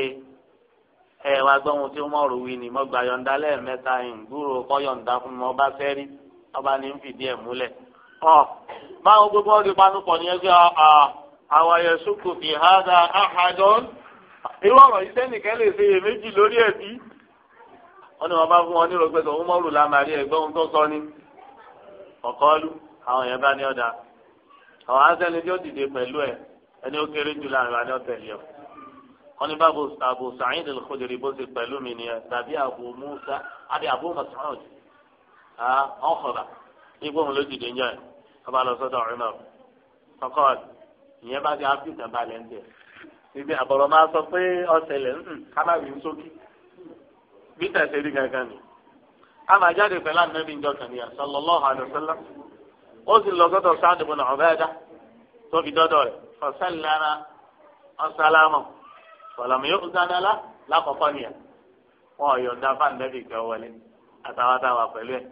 ẹ wá gbọ́ ohun tí wọ́n rò wí ni mo gbà yọ̀ǹda lẹ́ẹ̀mẹ́ta kọ́ yọ̀ǹda fún mi ọba fẹ́ rí ọba ní ń fìdí ẹ̀ ọ báwo gbogbo ọdẹ panupọ̀ ni àwọn ẹ̀yẹ fi da irú ọ̀rọ̀ yìí sẹ́nìkẹ́ lè ṣe lórí fún wọn ní ohun tó sọ ni. ní ọ̀dà wọ́n ní báàbò Abu Sa'id al-Khudri bó ṣe pẹ̀lú mi nìyẹn tàbí Abu Musa àbí Abu Mas'ud ọ̀kọ̀dà nígbà wọn ló dìde ń jẹ́ ẹ̀ ọba lọ sọ́dọ̀ ọ̀rìnà ọkọ̀ ìyẹn bá ti áfíríkà balẹ̀ ń jẹ́ ibi àbọ̀rọ̀ máa sọ pé ọ̀sẹ̀lẹ̀ ń hmm, kábàbí ń sókè bí tẹ̀sẹ̀ rí gangan ni a máa jáde pẹ̀lú ànábì ń jọkàn ní sallallahu alaihi wasallam ó sì lọ sọ́dọ̀ sáàdùbọ̀n ọ̀bẹ́ẹ̀dá tó fi dọ́dọ̀ rẹ̀ ọ̀sẹ̀ lára ọ̀sálámọ̀ bọ̀làmù yóò dáná lá lákọ̀ọ́kọ́ nìyà wọn ò yọ̀ǹda fáńdẹ́bì kẹ́ wọlé àtàwátàwà pẹ̀lú ẹ̀.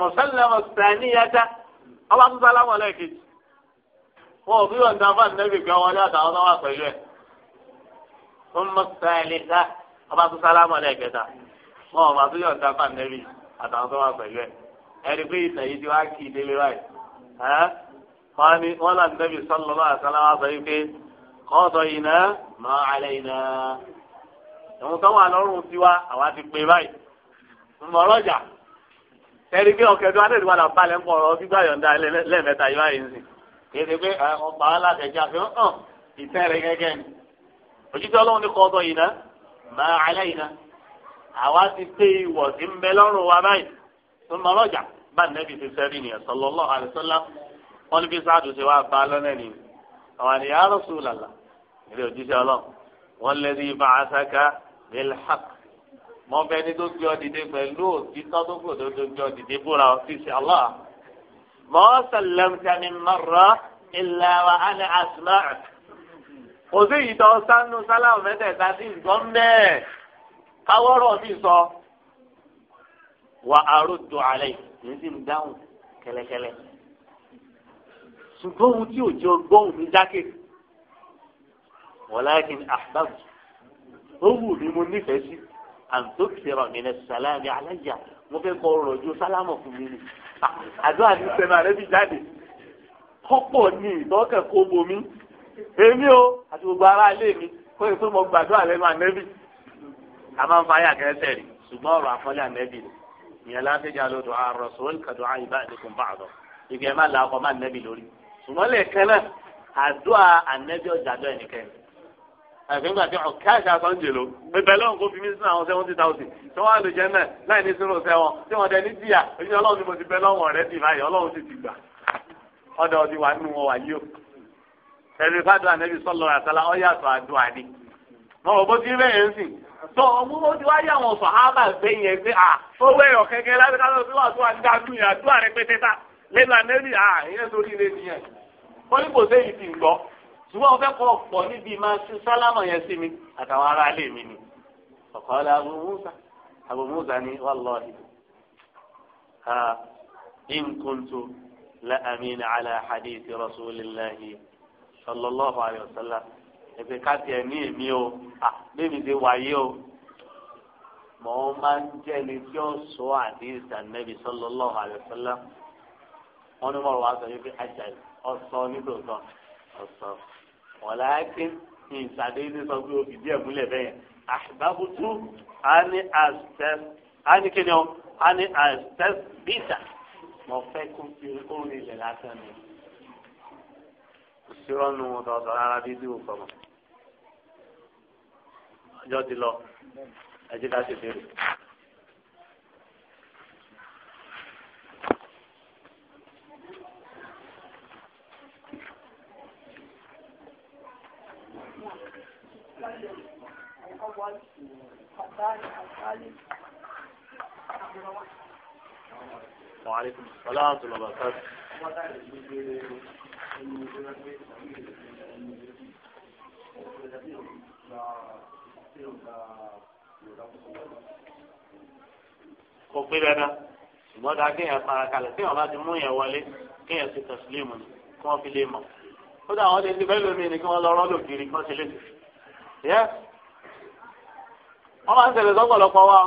mùsùlùmí sàníyàtà ọba tó sálámù lẹ́ẹ̀kejì wọn ò fi yọ̀ǹda fáńdẹ́bì kẹ́ wọlé àtàwátàwà pẹ̀lú ẹ̀. mùsùlùmí ọba tó sálámù lẹ́ẹ̀kẹta wọn ò bá tó yọ̀ǹda àtàwátàwà pẹ̀lú ẹ̀. ẹni pé ìtàn ti wá kí ìdílé báyìí. wọ́n ní wọ́n kọ́ọ̀tọ̀ iná mọ́ alẹ́ iná. ìwọ̀n kan wà lọ́rùn tiwa àwa ti pè báyìí mọ̀ ọlọ́jà ẹ̀rí pé ọkẹ́ tó adéèdè padà balẹ̀ ń pọ̀ ọ̀rọ̀ gbígbà yọ̀ǹda lẹ́ẹ̀mẹ́ta yóò ayé nsìn kéde pé ọ̀pá alátẹ̀já fi hàn ìtẹ́ rẹ̀ gẹ́gẹ́ ni òjijì ọlọ́run ní kọ́ọ̀tọ̀ iná mọ́ alẹ́ iná àwa ti pé ìwọ̀ sí ń bẹ lọ́rùn wa báyìí mọ̀ ọlọ́jà bá nẹ́bí ti sẹ́rí àwọn àníyàn arọ́sù làlà ilé òjíṣẹ́ ọlọ́run wọn lẹ́ni bàásàkà bilhaq mọ bẹ ní tó gbé ọ dìde pẹ̀lú òtítọ́ tó gbòdó tó gbé ọ dìde búra ọfíìsì allah mọ sàlẹ̀mtàmí mọ̀rọ̀ ilà wà á ní asmá kò sí ìtọ́ sánú sálámù mẹ́tẹ̀ẹ̀ta sí nǹkan mẹ́ẹ̀ káwọ́rọ̀ mi sọ wà á rò dùn àlẹ́ yìí ní sì ń dáhùn kẹ́lẹ́kẹ́lẹ́ ṣùgbọ́n ohun tí òjò gbọ́hùn mi dákẹ́ walakin ahbab ó wù mí mo nífẹ̀ẹ́ sí àǹtókìsẹ̀rọ̀ mi ní sàlámì alájà mo fẹ́ kọ́ ọ̀rọ̀ ojú sálámọ̀ fún mi ni àdúrà ní sẹ́nu àrẹ́ ti jáde kọ́pọ̀ ní ìtọ́kẹ̀ kó bomi èmi o àti gbogbo ará ilé mi kó èso mo gbàdúrà lẹ́nu ànẹ́bì a máa ń fa ayà kẹsẹ̀ rí ṣùgbọ́n ọ̀rọ̀ àfọ́lẹ́ ànẹ́bì ni ìyẹn láti jà lọ́dọ̀ àròsọ kàdùn àyíbá ẹ̀dínkù bá àdọ̀ ìgbẹ́ má làákọ̀ má ànẹ́bì lórí ṣùgbọ́n lẹ́ẹ̀kan náà àdúrà ọjà àdúrà ẹnikẹ́ni àfi ńgbà tí ọ̀ káàkiri àtọ́njẹ ló bẹbẹ lọ́wọ́ fi mí sínú àwọn seventy thousand tí wọ́n á lò náà láì ní sínú sẹ́wọ̀n tí wọ́n dẹ ní díà ojú ọlọ́run ni mo ti bẹ lọ́wọ́ rẹ dì báyìí ọlọ́run sì ti gbà ọ̀dọ̀ ọdí wa nínú wọn wà yí o ẹ̀rí fàdúrà nẹ́bí àtàlà ọ̀yàtọ̀ àdúrà ni mo rò ti bẹ́ẹ̀ ń sìn tó ọmọ tí wáyé àwọn sọ̀hábà gbé yẹn gbé à owó ẹ̀yọ̀ kẹ́kẹ́ lábẹ́ wọ́n ní kò séyìí ti gbọ́ ṣùgbọ́n wọ́n fẹ́ kọ́ ọ̀pọ̀ níbi máa ṣe sálámà yẹn sí mi àtàwọn ará ilé mi ni ọ̀kọ́ ọ̀la Abu Musa Abu Musa ni wallahi in la amina ala hadithi rasulillahi sallallahu alayhi wa sallam ẹ̀fẹ̀ káàtì ẹ̀ ní èmi o ah, bẹ́ẹ̀ni ti wáyé o mọ̀ ọ́n máa ń jẹ́ni tí ó sọ àdéhùn sànẹ́bí sallallahu alayhi wa sallam wọ́n ní mọ̀rọ̀ wá sọ yìí pé ajayi ọ̀sán nítòótọ́ ọ̀sán wọ̀láàkì ní ìsàdé ilé sọ pé òbí díẹ̀ múlẹ̀ bẹ́yẹn àbábùtú ani àstẹ́s ani kí ni ọ ani àstẹ́s bíta mo fẹ́ kó fi orin ilẹ̀ lásán ni òṣìrọ́nù ọ̀dọ̀ rárá bí dúró fọmọ ọjọ́ ti lọ ẹ ká ṣe bèrè. الأول الثاني الثالث وعليكم السلام ورحمة الله وبركاته kò pé dandan ṣùgbọ́n dáa kéèyàn fara kalẹ̀ kéèyàn bá ti mú yẹn wọlé kéèyàn ti tẹ̀sílímù ni kí wọ́n fi lè mọ̀ kódà àwọn ọdẹ ti bẹ́ẹ̀ lómi ni kí wọ́n lọ rọ́ọ̀lù kiri kí wọ́n ti lè tù. wọ́n máa ń ṣẹlẹ̀ sọ́pọ̀lọpọ̀ wa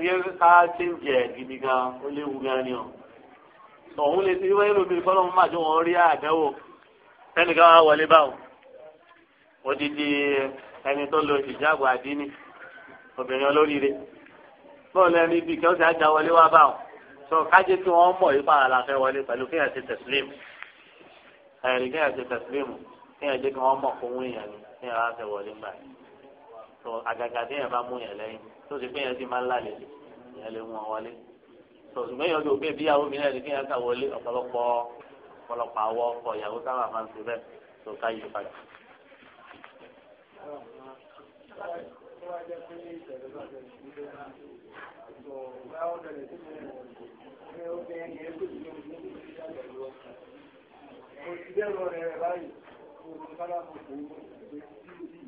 lọ́sí ká ṣe ń jẹ gidi gan ó léwu gan ni o òun lè ti wáyé lóbi kọ́lọ́mù máa jó wọn rí àdánwò ẹnìkan wá wọlé báwọn odidi ẹni tó lo ìjáàbò àdínì obìnrin olóríire bọ́ọ̀lù ẹni ibi kí wọ́n ti àjà wọlé wá báwọn sọ kájé tí wọ́n mọ̀ yípa àlàfẹ́ wọlé pẹ̀lú kéèyàn ti tẹ̀sílẹ̀mù ẹ̀rí kéèyàn ti tẹ̀sílẹ̀mù kéèyàn jẹ́ kí wọ́n mọ̀ fún wíyàn ni kéèyàn wá fẹ́ wọlé báyìí tó àgàgà tí yẹn bá mú yẹn lẹ́yìn tó sì pé yẹn ti máa ń lálẹ́ yẹn lè mú ọ wọlé tó sì gbẹ́yìn ọdún òbí ìyàwó mi náà ni kí yẹn ká wọlé ọ̀pọ̀lọpọ̀ ọ̀pọ̀lọpọ̀ àwọ̀ ọkọ̀ ìyàwó sábà máa ń ṣe bẹ́ẹ̀ tó ká yí padà. Thank you.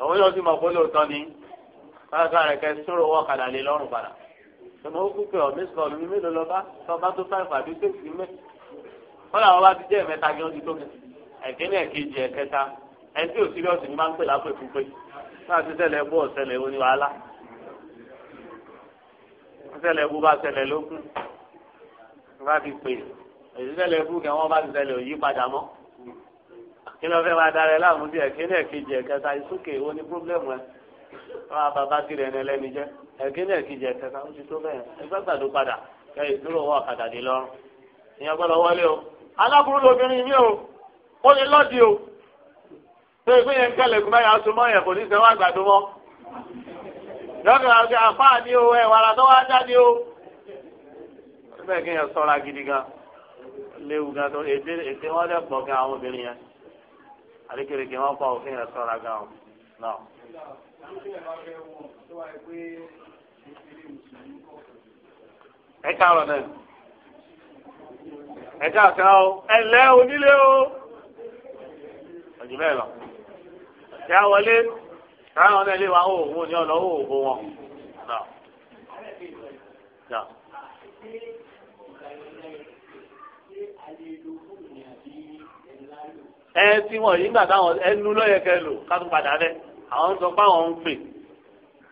àwọn yóò sì mọ̀ pé lóòótọ́ ni káàkiri àrẹ̀kẹ́ sọ̀rọ̀ wọ́n kàdà lé lọ́rùn padà tọmọ òkú pé ọ̀mí sọ ọ̀mí mélòó lọ́ba tọba tó fáì fàbí tó sì mẹ́ kọ́lá wọn bá ti jẹ́ ẹ̀mẹ́ta gé ọdún tó kẹ ẹ̀kẹ́ni ẹ̀kejì ẹ̀kẹta ẹni tí ò síríọ̀sì ni máa ń pè lápò ìfúnpé náà ti ṣẹlẹ̀ ẹbú ọ̀sẹ̀lẹ̀ kí ló fẹ́ máa darẹ̀ láàmú bí ẹ̀kíní ẹ̀kejì ẹ̀kẹta ìsókè wo ni pírọ́blẹ́mù ẹ̀ máa bàbá tirẹ̀ ní ẹlẹ́ni jẹ́ ẹ̀kíní ẹ̀kejì ẹ̀kẹta ó ti tó bẹ́ẹ̀ ẹgbẹ́ gbàdó padà kẹ́ ìdúró wọ ọ̀kadà dé lọ́rùn ìyẹn gbọ́dọ̀ wọlé o aláburú o ó ní lọ́ọ̀dì o pé ìpín yẹn kẹlẹ̀ kúmẹ́ yà sọ mọ́ yẹn kò ní sẹ́wọ́n àgbàdo mọ́ lọ́kàn àríkèrèkè wọn pa òfin rẹ sọra gan o náà. ẹ káàárọ̀ náà ẹ káàkiri o ẹ lẹ́ onílé o ọ̀jù bẹ́ẹ̀ lọ. ìyá wọlé ráwọn náà lè wá òògùn ní ọ̀nà òògùn wọn. náà. náà. ẹ tí wọn yìí gbà táwọn ẹnu ló yẹ kẹ lò kátó padà bẹ àwọn sọ pé àwọn ń pè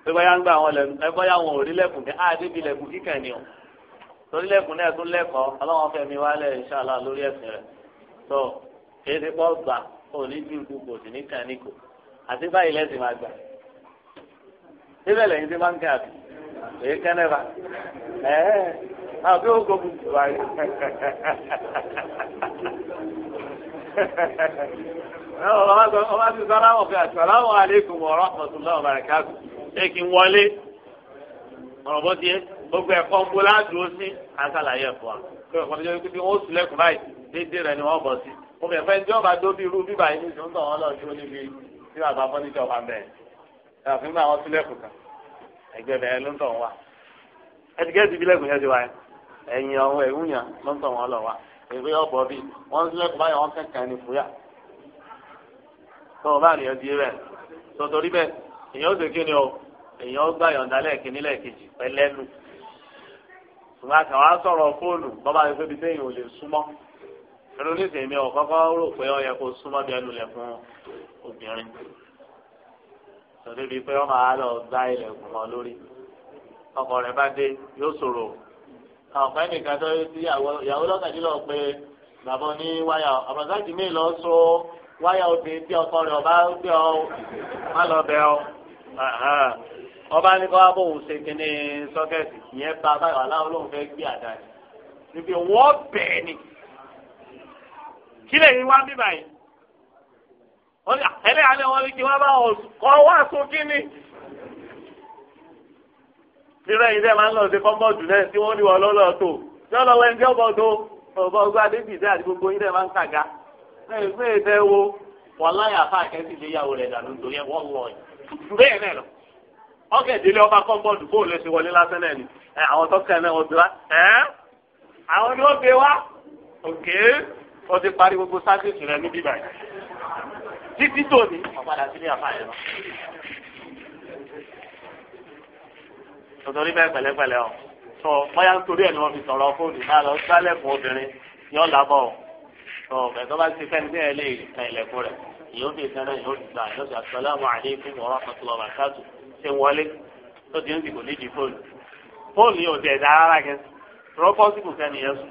pé bóyá ń gbà wọn lẹnu ẹ bóyá wọn ò rí lẹ̀kùn kẹ á ah, débi lẹ̀kùn kíkàn ni o torí lẹ̀kùn náà tún lẹkọọ Ọlọ́run fẹmi wálẹ inshallah lórí ẹsìn rẹ tó kì í ti pọ gbà ò ní ju gbogbo sí ní kàn ní kò àti báyìí lẹsìn máa gbà síbẹ̀ lẹ́yìn tí wọ́n ń kẹ́ àbí èyí kẹ́nẹ́ bá ọba ti sọ́láwọ̀ pé àṣàláwọ̀ aleykum ọ̀rọ̀ àkọsùnlá ọ̀bà rẹ̀ káàkiri ṣé kí n wọlé ọ̀rọ̀ bó ti yẹ gbogbo ẹ̀kọ́ ń bó ládùúró sí àṣàlàyé ẹ̀fọ́ wa pé ọ̀pọ̀ tó yẹ kí wọ́n sùlẹ̀kùn báyìí dédé rẹ̀ ni wọ́n bọ̀ sí mo fẹ́ fẹ́ tí ọba dóbi irú bíbá yìí ní sọ́ńtọ̀ wọn lọ dúró níbi tí bàbá fọ́níṣọ̀ wà bẹ́ẹ̀ ẹ̀ fún mi àwọn sùlẹ̀kùn kan ẹgbẹ́ bẹ́ẹ̀ ló ń tọ̀ wọn wá ẹ̀ ti gẹ́gẹ́ ti bí lẹ́kùn yẹn ti wáyé ẹ̀yìn ọ̀hún ẹ̀hún ìwé ọ̀bọ̀ bíi wọ́n sílẹ̀ kó báyọ̀ wọ́n kẹ̀kẹ́ ní fúyà tó o bá nìyẹn di rẹ̀ tó bẹ́ẹ̀ èèyàn ó ṣe kí ni o èèyàn ó gbà yọ̀ǹda lẹ́ẹ̀kíní lẹ́ẹ̀kejì pẹ́lẹ́nu ṣùgbọ́n àtàwọn á sọ̀rọ̀ fóònù bọ́bá yẹn tóbi téèyàn ò lè súnmọ́ irú nísìnyí mi ò kọ́kọ́ rò pé ó yẹ kó súnmọ́ bí ẹnu lẹ̀ fún obìnrin tòdébi pé ó máa lọ gbá ilẹ̀kùn mọ́ lórí ọkọ rẹ̀ bá dé yóò sọ̀rọ̀ ọ̀pẹ́ nìkan tó ti ìyàwó lọ́kàndínlọ́ pé bàbá ní wáyà àbàzájì mi lọ so wáyà obìnrin tí ọkọ rẹ̀ ọba gbé ọ má lọ bẹ ọ ọba ní kó wá bò ṣe kíní sọ́kẹ́tì ìyẹn bá báyọ̀ aláwọ̀ lóun fẹ́ gbé àdá ni níbi wọ́n bẹ̀ẹ́ ni kí lèyìn wá bí ẹlẹ́yàá ni wọ́n ní kí wọ́n bá kọ́ wá sókè ni irú ẹ̀yin tẹ́ máa ń lọ sí kọ́ńbọ̀dù náà tí wọ́n ní wọn lọ́lọ́ tó lọ́lọ́wọ́ ẹni tí ọ̀bọ̀ tó ọ̀bọ̀ ọgbà débì àti gbogbo yín tẹ́ máa ń kàga ṣé ẹ tẹ́ wo wọn láyà fún àkẹ́sì ìgbéyàwó rẹ̀ dànù nítorí ẹ̀ wọ́n wọ̀ ẹ̀ bẹ́ẹ̀ náà lọ ọ̀kẹ́dẹ́lẹ́ ọba kọ́ńbọ̀dù bóòlù ẹ̀sìn wọlé lásán náà ni tòtòrí bẹ́ẹ̀ pẹ̀lẹ́pẹ̀lẹ́ o tó bóyá torí ẹ̀ ni wọ́n fi sọ̀rọ̀ fóònù náà lọ sálẹ̀ fún obìnrin yóò lábọ̀ o tó bẹ́ẹ̀ tó bá ti fẹ́ni bí ẹ lè ka ilẹ̀kùn rẹ̀ yóò fi sẹ́nà yóò ti gbà yóò ti assalamu alaykum wa rahmatullahi wa barakatuh ṣe wọlé tó ti ń dìbò nídìí fóònù fóònù yóò tẹ̀ dá rárá kẹ́ rọ́pọ́sìkù sẹ́ni yẹn sùn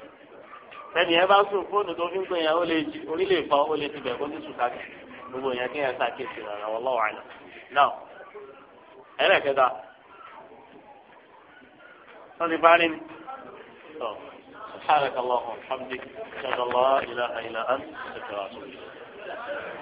sẹ́ni yẹn bá sùn fóònù tó fi ń gbẹ̀yàn ó lè jí orílẹ̀ ìfọ́ ó lè ti bẹ̀ kó ní sùn káàkiri gbogbo yẹn kí yẹn sàkíyèsí rẹ̀ wallahu a'lam náà ẹlẹ́kẹta. صلي بعدين سبحانك اللهم وبحمدك أشهد الله لا إله إلا أنت أستغفرك